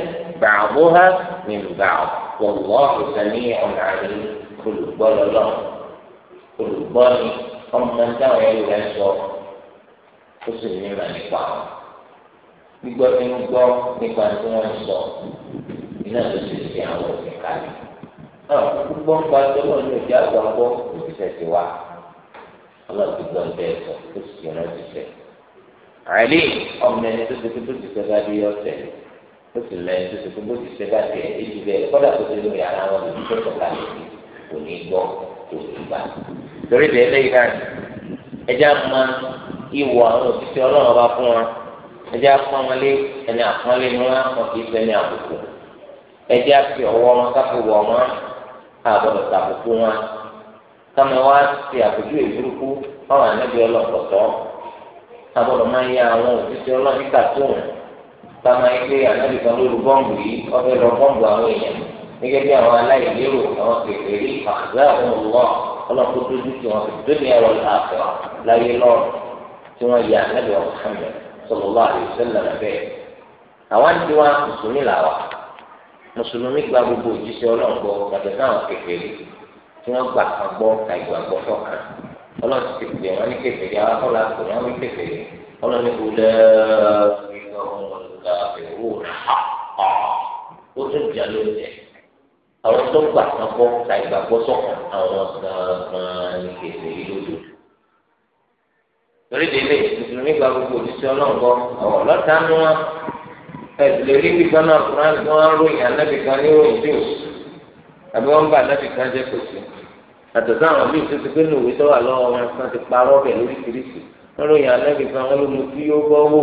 bàbóhá ní bàbó wọ̀wọ́ ìsẹ̀mí ọ̀nà àlè olùgbọ́ lọ́lọ́ olùgbọ́ ni ọmọ táwọn ẹrù rẹ̀ sọ ó sì ní ìmọ̀ nípa wọn gbígbọ́ tí ń gbọ́ nípa tí wọ́n ń sọ iná ló sì fi àwọn òfin kalẹ̀ náà gbogbo ńpa tó lọ ní òjì àgbàgbọ́ òṣìṣẹ́ ti wá ọlọ́run ti gbọ́ ń bẹ́ẹ̀ sọ ó sì fi rántí sẹ́ àìlè ọmọ ẹni tó ti fi tó ti sẹ́ bá bí ọ̀sẹ̀ yìí ó sì lẹ́yìn tó ṣe fún bó ti ṣe bá tiẹ̀ èyí bẹ́ẹ̀ kọ́dà tó ṣe lórí ara wọn lòdì tó tọ́ka lè fi kò ní gbọ́ kò ní gbà. torí bẹ́ẹ̀ lẹ́yìn náà ẹja máa ìwọ àwọn òṣìṣẹ́ ọlọ́run bá fún wọn ẹja pọ́nlé ẹni àpọ́nlé ni wọ́n á kàn kí sẹ́ni àbùkù ẹja fi ọwọ́ wọn káfí wọ̀ wọn àbọ̀dọ̀ tàbùkù wọn kámi wá ti àpèjú ìburúkú fáwọn ànábì ọlọ́pọ̀tọ́ àbọ̀dọ̀ máa ń yẹ àwọn òṣìṣẹ́ ọlọ́run kama ilé ànábì kan lóru bọ́ǹbù yìí ọbẹ̀ lọ bọ́ǹbù àwọn èèyàn gẹ́gẹ́ bí àwọn aláìlérò àwọn kèfèrí àgbà àwọn ọlọ́ ọlọ́kú dójú tí wọ́n fi dóni ẹ̀rọ àpọ̀ láyé lọ́rùn tí wọ́n yà ànábì Muhammad sallallahu alaihi wasallam bẹ́ẹ̀. àwọn tí wọ́n mùsùlùmí làwà mùsùlùmí gba gbogbo òjíṣẹ́ ọlọ́run gbọ́ kàtẹ́ sáwọn kèfèrí tí wọ́n gbà kan gbọ́ àìgbàgbọ́ tọ̀kan ọlọ́run ti pè wọ́n ní وهم الكافرون حقا وتم جلوده àwọn tó gbà kan gbọ́ ta ìgbàgbọ́ sọ̀kan àwọn gan délé mùsùlùmí gba gbogbo òjíṣẹ́ ọlọ́run ọ̀rọ̀ lọ́ta nù wọn ẹ̀sùn rí wípé náà kúrán tí wọ́n ròyìn anábì kan ní ròyìn tí ò sí àbí wọ́n bá anábì kan jẹ́ kò sí. àtọ̀ sáwọn míì tó ti gbé nùwé tó wà lọ́wọ́ wọn kan ti parọ́ bẹ̀ lóríṣiríṣi wọ́n ròyìn anábì kan wọ́n ló mu tí yóò gbọ́ wò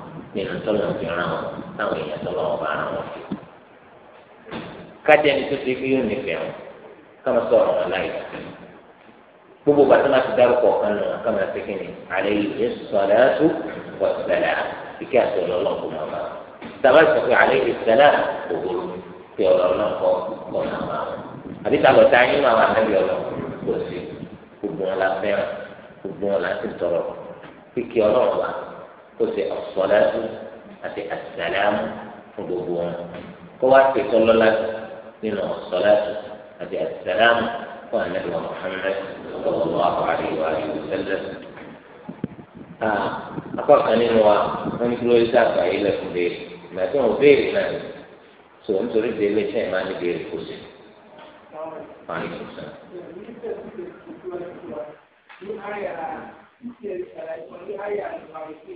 ní ìtọ́lọ̀ fi ràn wọn táwọn èèyàn tọ́lọ̀ wọn bá ràn wọn fi. kájẹ́ni tó ti fi yóò nífẹ̀ẹ́ wọn káwọn sọ̀rọ̀ wọn láì sí. gbogbo bàtà máa ti dárúkọ ọ̀kan lọ́wọ́ káwọn ti kí ni àlẹ́ yìí sọ̀rọ̀ ẹ̀sùn wọ̀ sẹ̀lẹ̀ ìkẹ́ àti ọlọ́ọ̀kọ̀ máa máa. tàbá sọ pé àlẹ́ yìí sẹ̀lẹ̀ òwúrò pé ọlọ́ọ̀kọ̀ kọ̀ kó ṣe ọ̀sọ̀láṣú àti àṣàlámù fún gbogbo wọn kó wá ṣe tọ́lọ́láṣú nínú ọ̀sọ̀láṣú àti àṣàlámù fún ànábì wa Muhammad sallallahu alaihi wa alihi wa sallam. akọ́kàn nínú wa wọ́n ní kí ló dé àgbáyé lẹ́kùn béèrè ìgbà tí wọ́n béèrè náà ni tó ń torí de ilé iṣẹ́ ìmáà ní béèrè kó sí. Thank you.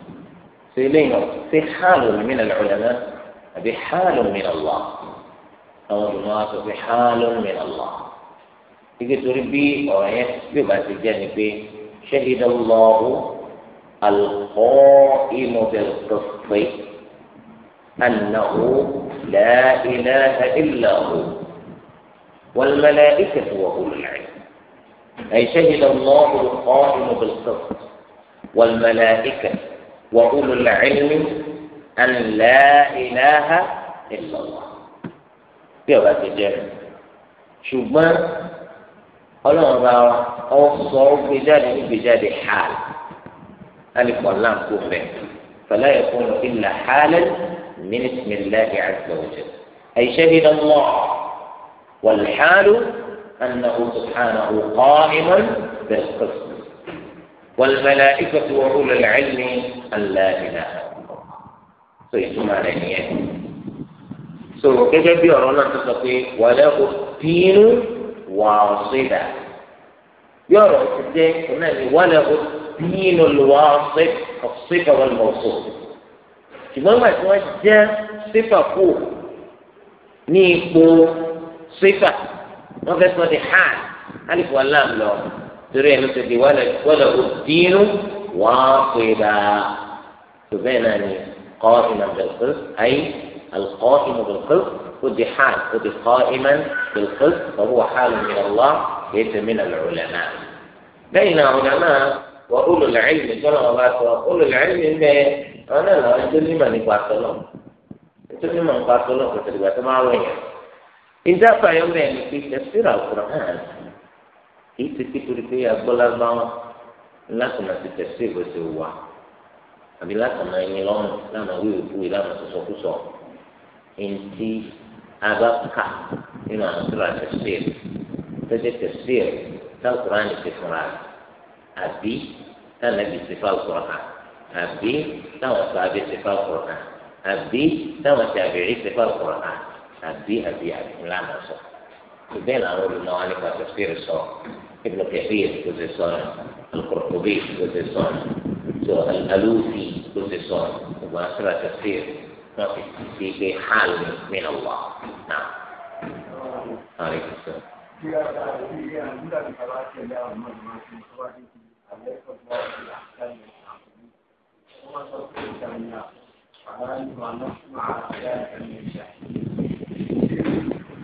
سيلين في حال من العلماء بحال من الله أو جماعة بحال من الله إذا تربي أو يبقى تجاني شهد الله القائم بالقسط أنه لا إله إلا هو والملائكة وأولو العلم أي شهد الله القائم بالقسط والملائكة وأولو العلم أن لا إله إلا الله في بيو باتي جيب شوما قلو أبا أوصو بجاد بجاد حال ألي قلنا كوفي فلا يكون إلا حالا من اسم الله عز وجل أي شهد الله والحال أنه سبحانه قائم بالقسم والملائكة وأولو العلم أن لا إله إلا الله سيتم على نية سو كيف بيورونا تسقي وله الدين واصبا يورو تدين وله الدين الواصب الصفة والموصوف ṣùgbọ́n gbà tí wọ́n jẹ́ sífà kù ní ipò sífà wọ́n fẹ́ sọ di hàn alif wa lam lọ torí مثل دي ti di الدين òdìrú wọ́n قائما dà اي القائم ni kọ́ ودي حال ودي قائما بالقسط فهو حال من الله ليس من العلماء بين علماء وأولو العلم كما وعلا وأولو العلم أنا لا انت من يقاتلهم انت من يقاتلهم فتلقى تمام وين إذا فهمنا أن في تفسير القرآن kì í ti títorí pé agbọ́lágbá wọn láti máa ti tẹ̀sí ìgbésẹ̀ wà àbí láti máa yin lọ́rùn láwọn wíwò fúwe láwọn sọ̀sọ̀kúsọ̀ eŋti abaka nínú àwọn tó ra tẹ̀sí ẹ̀ tẹ́tẹ́ tẹ̀sí ẹ̀ táwùkúrán ti fúnra rẹ̀ àbí táwọn ti fáwùkúrán àbí táwọn sàbí ti fáwùkúrán àbí táwọn sàbẹ̀rẹ̀ ti fáwùkúrán àbí àbí àbí ńlá náà sọ ìbẹ́ẹ̀ làwọn olùmọ̀ wọn nípa tẹ̀sí ẹ̀ sọ. ابن كثير كوزيسون القرطبي كوزيسون الألوفي كوزيسون وأسرى تفسير ما في في حال من الله نعم عليكم السلام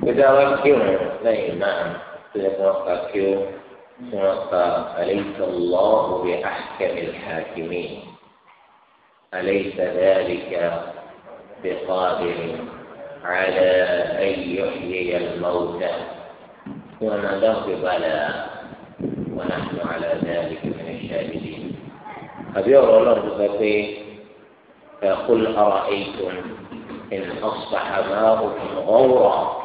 إذا وكلنا لا إيمان لما وكلنا أليس الله بأحكم الحاكمين أليس ذلك بقادر على أن يحيي الموتى ثم له بلى ونحن على ذلك من الشاهدين أبي الله فقل أرأيتم إن أصبح ماؤكم غورا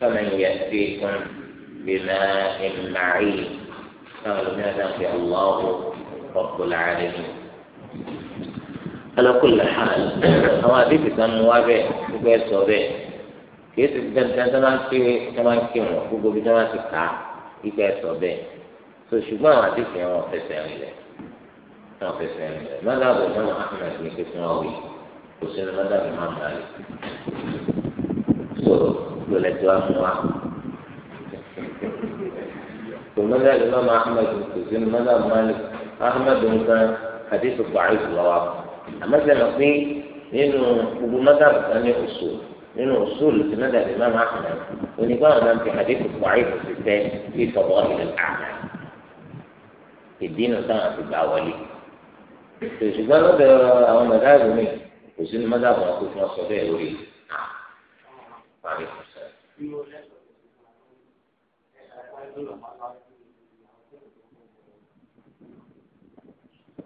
فمن يأتيكم بماء معين náà lómi àdáǹkì Allahu Rabbul Alamin. ala kulli hal àwọn àdéhùn kan mú wá bẹ́ẹ̀ gbogbo ẹ̀ sọ bẹ́ẹ̀ kì í ti di dandan tó máa ń ké tó máa ń ké wọn gbogbo bí tó máa ti kà á ìgbà ẹ̀ sọ bẹ́ẹ̀ so ṣùgbọ́n àwọn àdéhùn yẹn wọ́n fẹsẹ̀ rìn lẹ̀ wọ́n fẹsẹ̀ rìn lẹ̀ mọ́tàbọ̀ náà ahmed ní pé kí wí kò sínú mọ́tàbọ̀ máa ń bá rẹ̀ so lọ́lẹ̀ tó ثمنا الإمام أحمد ثمنا مالك أحمد كان حديث الضعيف الرابع أما في إنه أبو مدر كان أصول إنه أصول ثمنا الإمام أحمد ونقارن في حديث الضعيف الثاني في فضائل الأعمال الدين كان في الأولي فشوفنا هذا أو مدار مني وزين مدار ما كنت مصدر أولي نعم عليكم السلام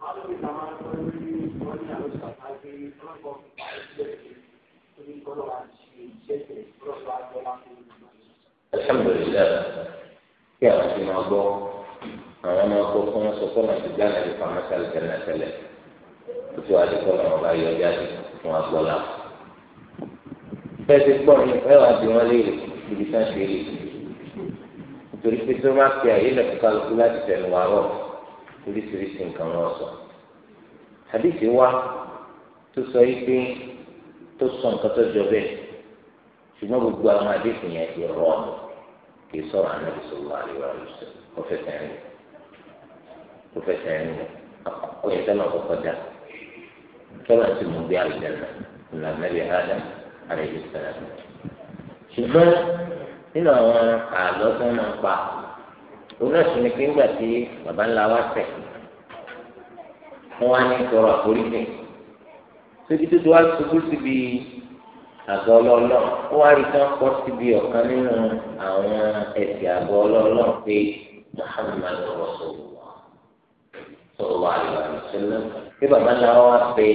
alhamdulilayi kí àwọn ti máa gbọ́ àwọn máa gbọ́ fún wọn sọ fún àti gánà ní pàmẹ́sà lẹ́nà tẹ́lẹ̀ ojú àdìgbò náà bá yọ jáde fún agbọ́lá. fẹ́ẹ́ ti gbọ́ ní ẹwà bí wọ́n lè ibi tán ṣe lè nítorí pé tó máa fi àyè lẹ́kọ̀ọ́ kálukú láti tẹ̀lé wa rọ̀ oríṣiríṣi nǹkan wọn sọ àdìsí wa tó sọ yìí pé tó sọ nǹkan tó jọ bẹ́ẹ̀ ṣùgbọ́n gbogbo àwọn àdìsí yẹn ti rọ ọmọ kì í sọ̀rọ̀ àná ìṣòro àríwá ìṣòro kò fẹsẹ̀ rìn kò fẹsẹ̀ rìn kò yẹ sẹ́nà kọ̀kọ́ dá sọ́nà tí mo gbé àlùjáná ìlànà mẹ́rin ádá àrẹ ìṣẹ̀lẹ̀ ṣùgbọ́n nínú àwọn àlọ́ tó ń pa òun náà sì ni pé ńgbà tí bàbá ńlá wa tẹ̀ wọ́n wá ní tọrọ àforíjì síbi tó ti wá ṣubú síbi àgọ́ ọlọ́ọ̀lọ́ ó wá rí kán kọ́ síbi ọ̀kan nínú àwọn ẹ̀sìn àgọ́ ọlọ́ọ̀lọ́ pé Muhammad Rasulullah sallallahu alaihi wasallam pé bàbá ńlá wa pé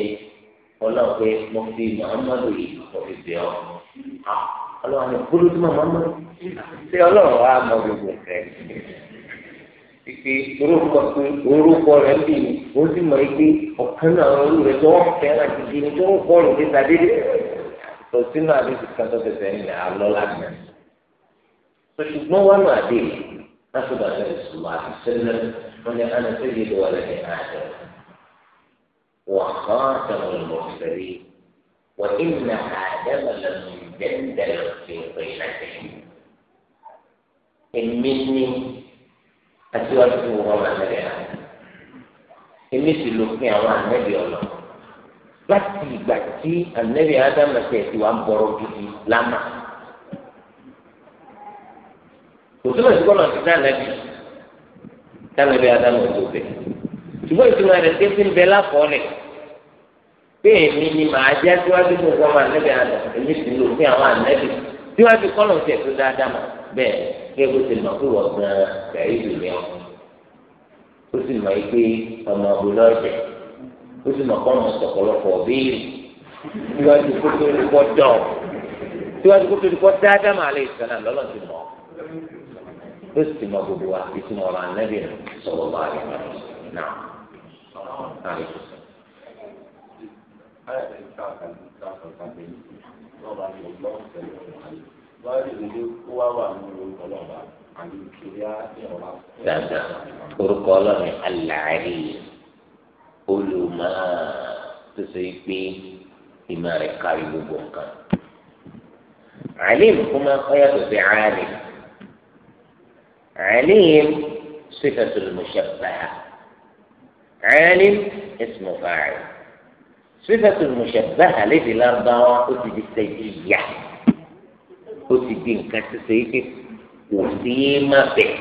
ọlọ́ọ̀ pé mo fi Muhammad yìí mo fi bẹ̀ ọ́ ah, ọlọ́ọ̀ ni gbólódúmọ̀ Muhammad ṣé ọlọ́ọ̀ wa mọ gbogbo ẹ̀ ìpè orúkọ sí orúkọ rẹ̀ ń bì ní ó sì mọ̀ ìpè ọ̀kan náà àwọn olùrẹ̀ tó wọ́n fẹ́ láti di ní tó ń kọ́ ọ̀rọ̀ níta dédé tó sínú àdéhùn kan tó fẹsẹ̀ ń lẹ̀ alọ́ láti rẹ̀. ṣùgbọ́n wọn náà dé lásìkò àti ìṣòwò àti sẹ́lẹ̀ wọn ni àná tó yé wà lẹ́yìn àjọ. wọ́n kàn tẹ̀wọ̀n lọ sẹ́rí wọ́n ìnà àdẹ́mọ̀ lẹ́nu jẹ́ńdẹ̀lẹ̀ fi àti wàá tó wọ́n máa lẹ́yìn náà èmi sì ló pin àwọn ànẹ́bí ọ̀nà láti ìgbà tí ànẹ́bí ádámàtì ẹ̀ ti wà ń bọ̀rọ̀ gidi lámà kò túmọ̀ sí kọ́nà ti dánẹ́bí dánẹ́bí ádámàtì ọ̀bẹ ṣùgbọ́n ìtumọ̀ rẹ̀ ṣe ti ń bẹ láfọ̀ọ́lẹ̀ pé èmi ni màá jẹ́ síwájú fún ọmọ ànẹ́bí ádámàtì èmi sì ló pin àwọn ànẹ́bí síwájú kọ́nà ti tó dáadáa mà bẹ́ẹ̀ gẹ́gẹ́ bó ti mọ̀ pé wọ́n gan gàrí ìlú yẹn ó sì mọ̀ pé ọmọ ọ̀bùn lọ́jẹ̀ ó sì mọ̀ pé ọmọ sọ̀pọ̀lọpọ̀ bíi síwájú kó tó ní kọ́ dọ̀ síwájú kó tó ní kọ́ dáadáa máa lè sọ̀nà lọ́lọ́ ti mọ̀ ó sì mọ̀ gbogbo wa ìtumọ̀ ọ̀rọ̀ Dada, orúkọ ọlọ́run aláàrí olùmọ̀ tó ṣe pé ìmọ̀ rẹ̀ kárí gbogbo nǹkan. Alim kún máa kọ́ yàtọ̀ sí alim. Alim sifatul mushabbaha. Alim ismu fa'il. Sifatul mushabbaha lédè lárúbáwá ó ti di sẹ́yìn yá. ó ti di nǹkan ṣíṣe pé kò sí má bẹ̀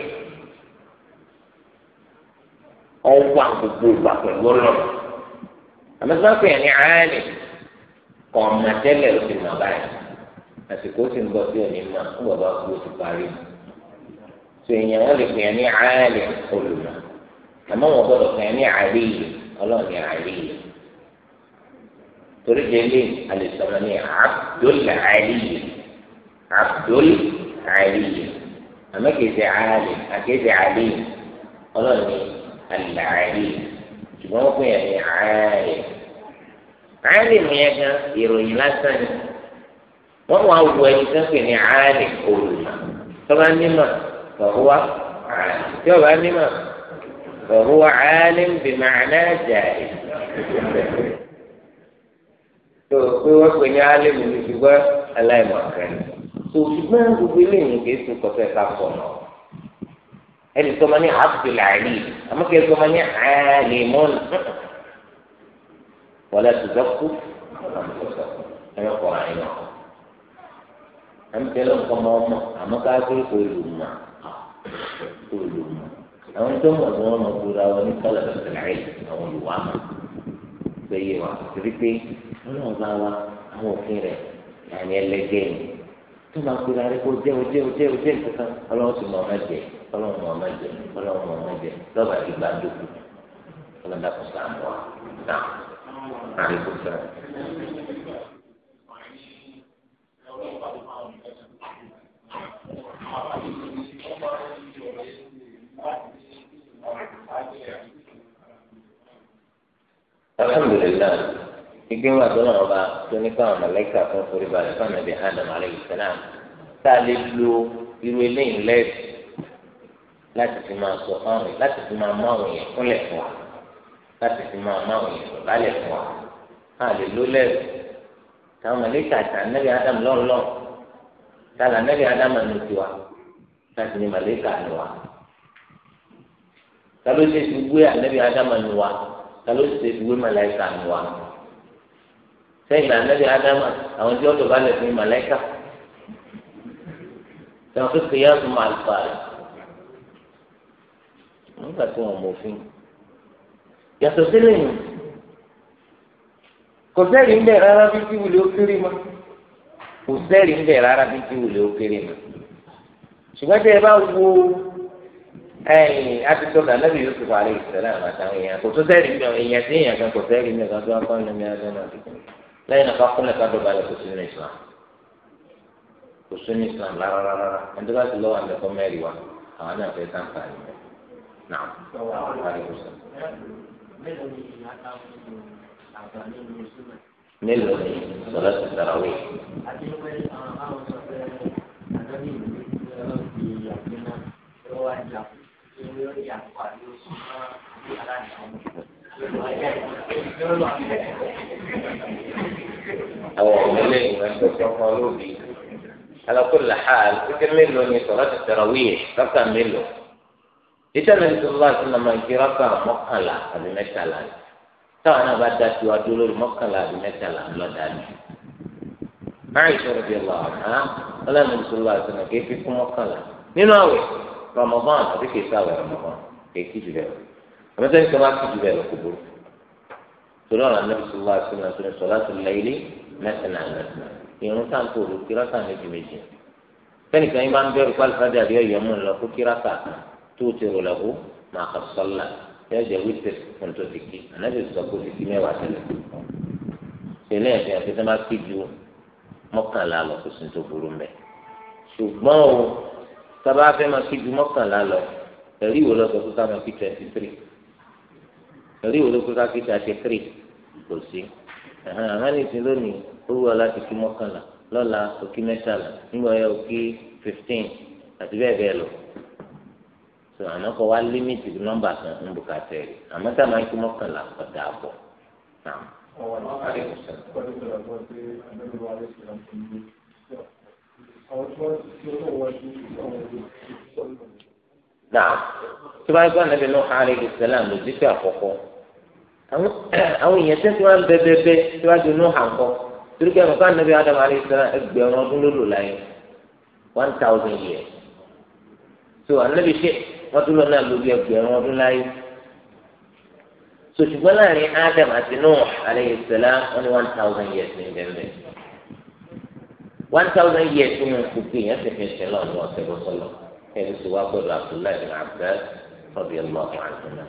ọwọ́ gbogbo ìgbà pẹ̀lú ọlọ́run àmọ́sá pé ẹni ààrẹ kọ̀ ọ̀nà tẹ́lẹ̀ ó ti mọ̀ báyìí àsìkò ó sì ń bọ̀ sí òní mọ̀ ń bọ̀ bá kú ó ti parí tó èèyàn wọn lè pè ẹni ààrẹ olùmọ̀ àmọ́ wọn gbọ́dọ̀ pè ẹni ààrẹ yìí ọlọ́ọ̀ni ààrẹ yìí torí délé àlè sọ̀rọ̀ ní Abdul Ali yìí abdul aliyu àmọ́ kìí ṣe ali àkìí ṣe ali ọlọ́ọ̀ni alàáyé ṣùgbọ́n wọ́n pè é ní ààyè ààyè mi yẹn gan ìròyìn lásán ni wọ́n wá wọ ẹni tó ń pè ní ààyè olùmọ̀ tọ́ba nímọ̀ fọ̀húwá ààyè tí ọba nímọ̀ fọ̀húwá ààyè ń bì màánà jàre tó pé wọ́n pè ní ààyè mi ṣùgbọ́n aláìmọ̀ kan ni ṣùgbọ́n gbogbo eléyìí kì í ṣe kọ̀tẹ́ ká pọ̀ náà ẹni sọ ma ní abdulali àmọ́ kì í sọ ma ní alimọ́n wọlé ṣùgbọ́n kú ẹ̀rọ kọ̀ àyàn àmì tẹ́lẹ̀ nǹkan mọ́ ọmọ àmọ́ ká gbé olùmọ̀ olùmọ̀ àwọn tó mọ̀ ní wọn mọ̀ gbúra wọn ní kọ́lá ìṣẹ̀lẹ̀ àwọn olùwà mọ̀ gbẹ̀yẹ̀ wọn torí pé wọn náà bá wa àwọn òfin rẹ̀ yàrá ẹlẹ́gẹ̀ẹ́ tó máa gbéra rẹ kó jẹ́ ojé ojé ojé nǹkan ọlọ́run sì mọ̀ ọ́ mẹ́jẹ ọlọ́run mọ̀ ọ́ mẹ́jẹ ọlọ́run mọ̀ ọ́ mẹ́jẹ lọ́ba ti gbà dókú ọlọ́run dàpọ̀ sàmù wa náà àríkò sàmù. الحمد لله gbígbé wà tó náà bá tó ní káwọn mọlẹ́kà fún forí balẹ̀ fún ànábì Adam alayhi salam tá a lè lo irú eléyìí lẹ́sì láti fi máa sọ fáwọn yẹn láti fi máa máwọn yẹn kúnlẹ̀ fún wa láti fi máa máwọn yẹn lọ́lẹ̀ fún wa á lè lo lẹ́sì táwọn mọlẹ́kà àti ànábì Adam lọ́nlọ́ táwọn ànábì Adam ànú tiwa láti ní mọlẹ́kà ànú wa tàló ṣe ti gbé ànábì Adam ànú wa tàló ṣe ti gbé mọlẹ́kà ànú wa. sẹ́yìn anabi adama àwọn tí wọ́n tó balẹ̀ fún màlẹ́kà sẹ́wọ́n tó kéèyàn tó máa fà rẹ̀ nígbà tí wọ́n mọ̀ fún un. yàtọ̀ yìí kò ń rárá bí tí ó kéré ma kò sẹ́rì ń bẹ̀ rárá bí tí ó kéré ma ṣùgbọ́n tẹ́ ẹ bá wo ẹ̀yìn atitọ́ náà lẹ́bi yóò ti wà lè sẹ́lẹ̀ àmàtà èèyàn kò tó ń bẹ̀ èèyàn sí èèyàn kan kò sẹ́rì ń bẹ̀ kan tó lẹ́yìn náà ká kúnlẹ̀ ká dọ̀bà lẹ̀ kò islam kò sí islam rárá rárá ẹni tó bá ti lọ́wọ́ àmì ẹ̀kọ́ mẹ́rin wa àwọn náà fẹ́ sáǹfà ní mẹ́ náà wàhálà kò sọ. mélòó ni sọlá ti sara wí. Thank you àwọn ọ̀gbẹ́lẹ̀ ìwọ̀n ẹ̀sọ́ lóbi alákòlá hàl kíkẹ́ mélòó ni sọ̀rọ̀ ti tẹ̀rọ wíyẹ̀ rákà mélòó iṣẹ́ náà tó bá ti nàmà ìgbé rákà mọ́kànlá àbí mẹ́tàlá ni táwọn náà bá dá sí wa dúró lórí mọ́kànlá àbí mẹ́tàlá lọ́dà ni. Aisha rabi allah ana ọlọ́run ní sọ́lá àti nàkẹ́ fi kún àmọ́tẹ́ nìkan máa tìjú bẹ́ẹ̀ lọ kó burú torí ọ̀rọ̀ anábì sọlá àtúnú àtúnú sọlá tó lẹ́yìnlẹ́ mẹ́tẹ̀nà mẹ́tẹ̀nà irun táǹkó ro kíráta méjì méjì fẹ́nìkan yín bá ń bẹ̀rù pálífàdé àbí ọ̀yọ́ mú lọ kó kíráta tó ti rò lọ́wọ́ máa kà sọ́lá yóò jẹ́ wíṣẹ̀ fún tó ti kí anábì sọ kó ti kí mẹ́wàá tẹ̀lé tẹ̀lé ẹ̀fẹ́ àti tẹ́ máa tìjú mọ́kànlá lọ kó sin tó burú mẹ́ ṣùgbọ́n o tábà fẹ́ máa tìjú mọ́kànlá lọ ẹ̀rí ìwòlọ́sọ̀ tó ká fi twenty three ẹ̀rí wo ló kó káfí ṣe àṣekéré kò sí àwọn nìsín lónìí ó wù ọ láti kí mọ́kànlá lọ́la òkí mẹ́tàlá nígbà yẹ òkí fifteen àti bẹ́ẹ̀ bẹ́ẹ̀ lọ so àmọ́ kọ́ wá límìtì nọ́mbà kan ń bùkátà rẹ̀ àmọ́ tá a máa ń kí mọ́kànlá ọ̀dà àbọ̀ náà. Náà tí wọ́n á gbọ́ ànábì Nuh alayhi salam lòdì sí àkọ́kọ́. àwọn èèyàn tẹ́sí wọn bẹ́ẹ̀bẹ́ẹ́bẹ́ tí wọ́n adùn náà hàn kọ́ torí pé ẹ̀mọ̀ká nàbí adamu alẹ́ sọ ẹgbẹ̀rún ọdún ló lò láyé one thousand years so anabi ṣe wọ́n tún lọ náà lò bí ẹgbẹ̀rún ọdún láyé so ṣùgbọ́n láàrin adam àti náà alẹ́ sọlá wọ́n ní one thousand years ní bẹ́ẹ̀bẹ́ one thousand years ní gbogbo èèyàn ti fi ṣe lọ́nà ọ̀sẹ̀ bọ́sọ̀lọ́ ẹni tó wá gbọ́dọ̀ Abdullahi bin Abbas rọ́bì ọlọ́ọ̀kan àti náà.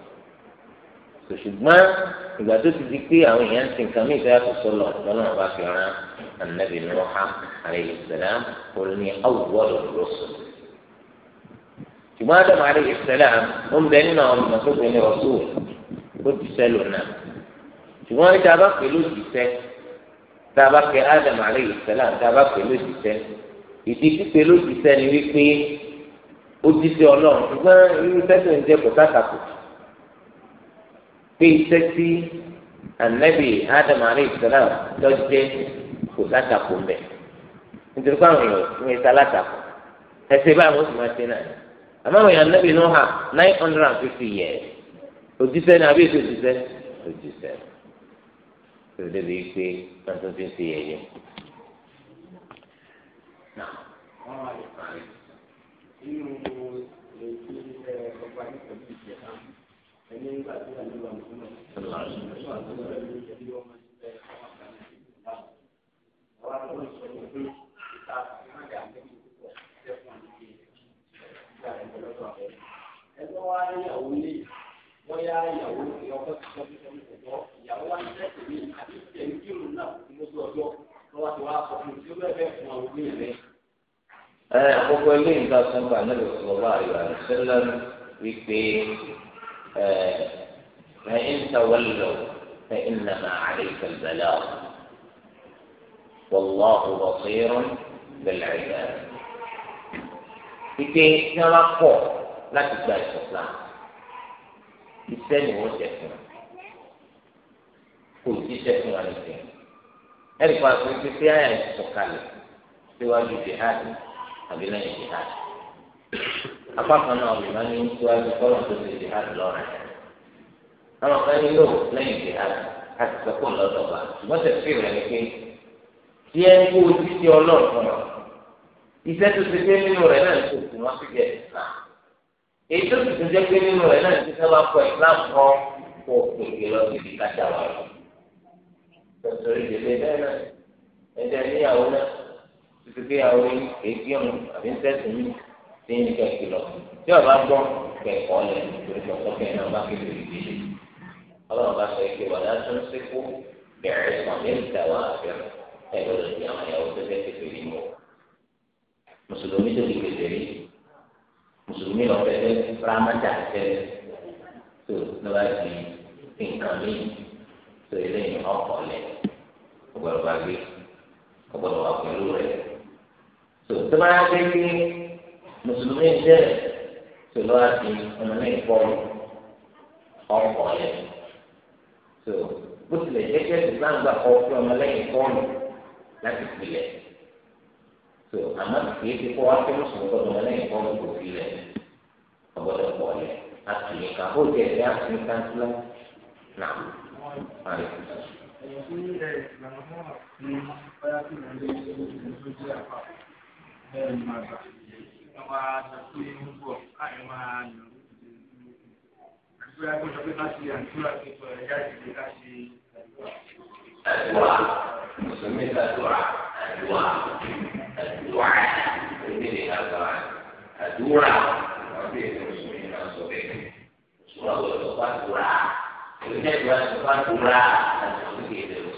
kò ṣùgbọ́n ìgbà tó ti di pé àwọn èèyàn ti nǹkan mí ìfẹ́ àtúntò lọ lọ́nà ọba fi rán anabi nuha aleyhi salam kò ní awùwọ́lù rọ́sùn. ṣùgbọ́n adamu aleyhi salam ó ń bẹ nínú àwọn ọmọ tó gbẹni ọ̀ṣù ó ti sẹ́ lọ́nà. ṣùgbọ́n ní tá a bá pè lójijì tá a bá pè adamu aleyhi salam tá bá pè lójijì ìdí pípé lójijì ni wípé ó ti sẹ́ ọlọ́run ṣùgbọ́n irú sẹ́sẹ̀ pé iṣẹ́ tí anabi adam alayhi salam lọ́jẹ́ kò sátakò mbẹ nítorí pé àwọn èèyàn ń ṣe alátakò ẹsẹ̀ báyìí wọ́n sì máa ṣe náà àmọ́ àwọn èèyàn anabi náà hà nine hundred and fifty years òjíṣẹ́ ni àbí èso òjíṣẹ́ òjíṣẹ́ tó débi pé wọ́n tún fi ń ṣe yẹ̀yẹ́. Nínú èyí ẹ̀ ọ̀pá nípa ìjẹ̀dá ẹni ẹ àkọ́kọ́ ilé ìgbà sọ́ńgbà náà lè sọ̀rọ̀ bá àríwá rẹ̀ sẹ́lẹ̀ wípé فإن تولوا فإنما عليك البلاغ والله بصير بالعباد ike tí wọn bá pọ̀ láti gba ìsọsán iṣẹ́ ni wọn jẹ fún kò sí iṣẹ́ fún wa nìkan ẹnì kan àti wípé tí àyà ìsọkalẹ̀ síwájú jihad àbí lẹ́yìn jihad apákan náà lè má ní síwájú kọ́lọ̀ tó ṣe jihad lọ́rẹ̀ àwọn kan nílò lẹ́yìn jihad a ti sọ fún lọ́dọ̀ wa ṣùgbọ́n tẹ̀sí rẹ̀ ni pé tí ẹ ń kó ojú sí ọlọ́run fún ọ iṣẹ́ tó ti dé nínú rẹ̀ náà tó kù wọ́n ti jẹ islam èyí tó ti jẹ́ pé nínú rẹ̀ náà ti sábà kọ islam kọ́ kó gbèsè lọ sí ibi kájà wà lọ. tọ́sọ̀rọ̀ ìdílé tí ń kẹ́ kìlọ̀ tí ọba gbọ́ kẹ̀kọ́ lẹ̀ lórí ọ̀sọ́kẹ́ náà bá kéde ìdílé ọlọ́run bá sọ pé wàlá tún síkú bẹ̀rẹ̀ sàn ní ìdáwà àbẹ̀rẹ̀ ẹ̀ lọ́dọ̀ ní àwọn ìyàwó tó fẹ́ kéde yìí mọ́ mùsùlùmí tó ti kéde rí mùsùlùmí lọ fẹ́ rámádà fẹ́ tó lọ́wọ́ di nǹkan mí tó eléyìí ọkọ̀ lẹ̀ ọgbọ̀dọ̀ bá gbé ọgbọ̀dọ̀ wà pẹ̀lú rẹ̀ tó tó bá yá pé mùsùlùmí bẹ́ẹ̀ tòló àti ọmọlẹ ìfọwọ ọkọ yẹn tó bó tilẹ̀ jẹ́ pé islam gbà kọ́ fún ọmọlẹ ìfọwọ láti pilẹ̀ tó àmọ́ kìí ti kọ́ wá fún mùsùlùmí kọ́ ọmọlẹ ìfọwọ kò fi lẹ̀ ọgbọ́dọ̀ pọ̀ yẹn àtìlẹ̀ kà ó jẹ́ ẹ̀dá àti kánsílá náà wà lẹ́yìn tó sọ. Thank ẹ máa sọ pé ń bọ̀ káyọ máa nù. àdúrà tó sọ pé ká ṣe àdúrà tó sọ ẹ̀yà ìdílé ká ṣe àdúrà. àdúrà mùsùlùmí àdúrà àdúrà àdúrà ìdílé àgbà àdúrà ọdún èdè mùsùlùmí náà sọ bẹ́ẹ̀ mùsùlùmí àgbà ọ̀dọ́ bá dúrà ìdílé àgbà ọ̀dọ́ bá dúrà àdúrà ìdílé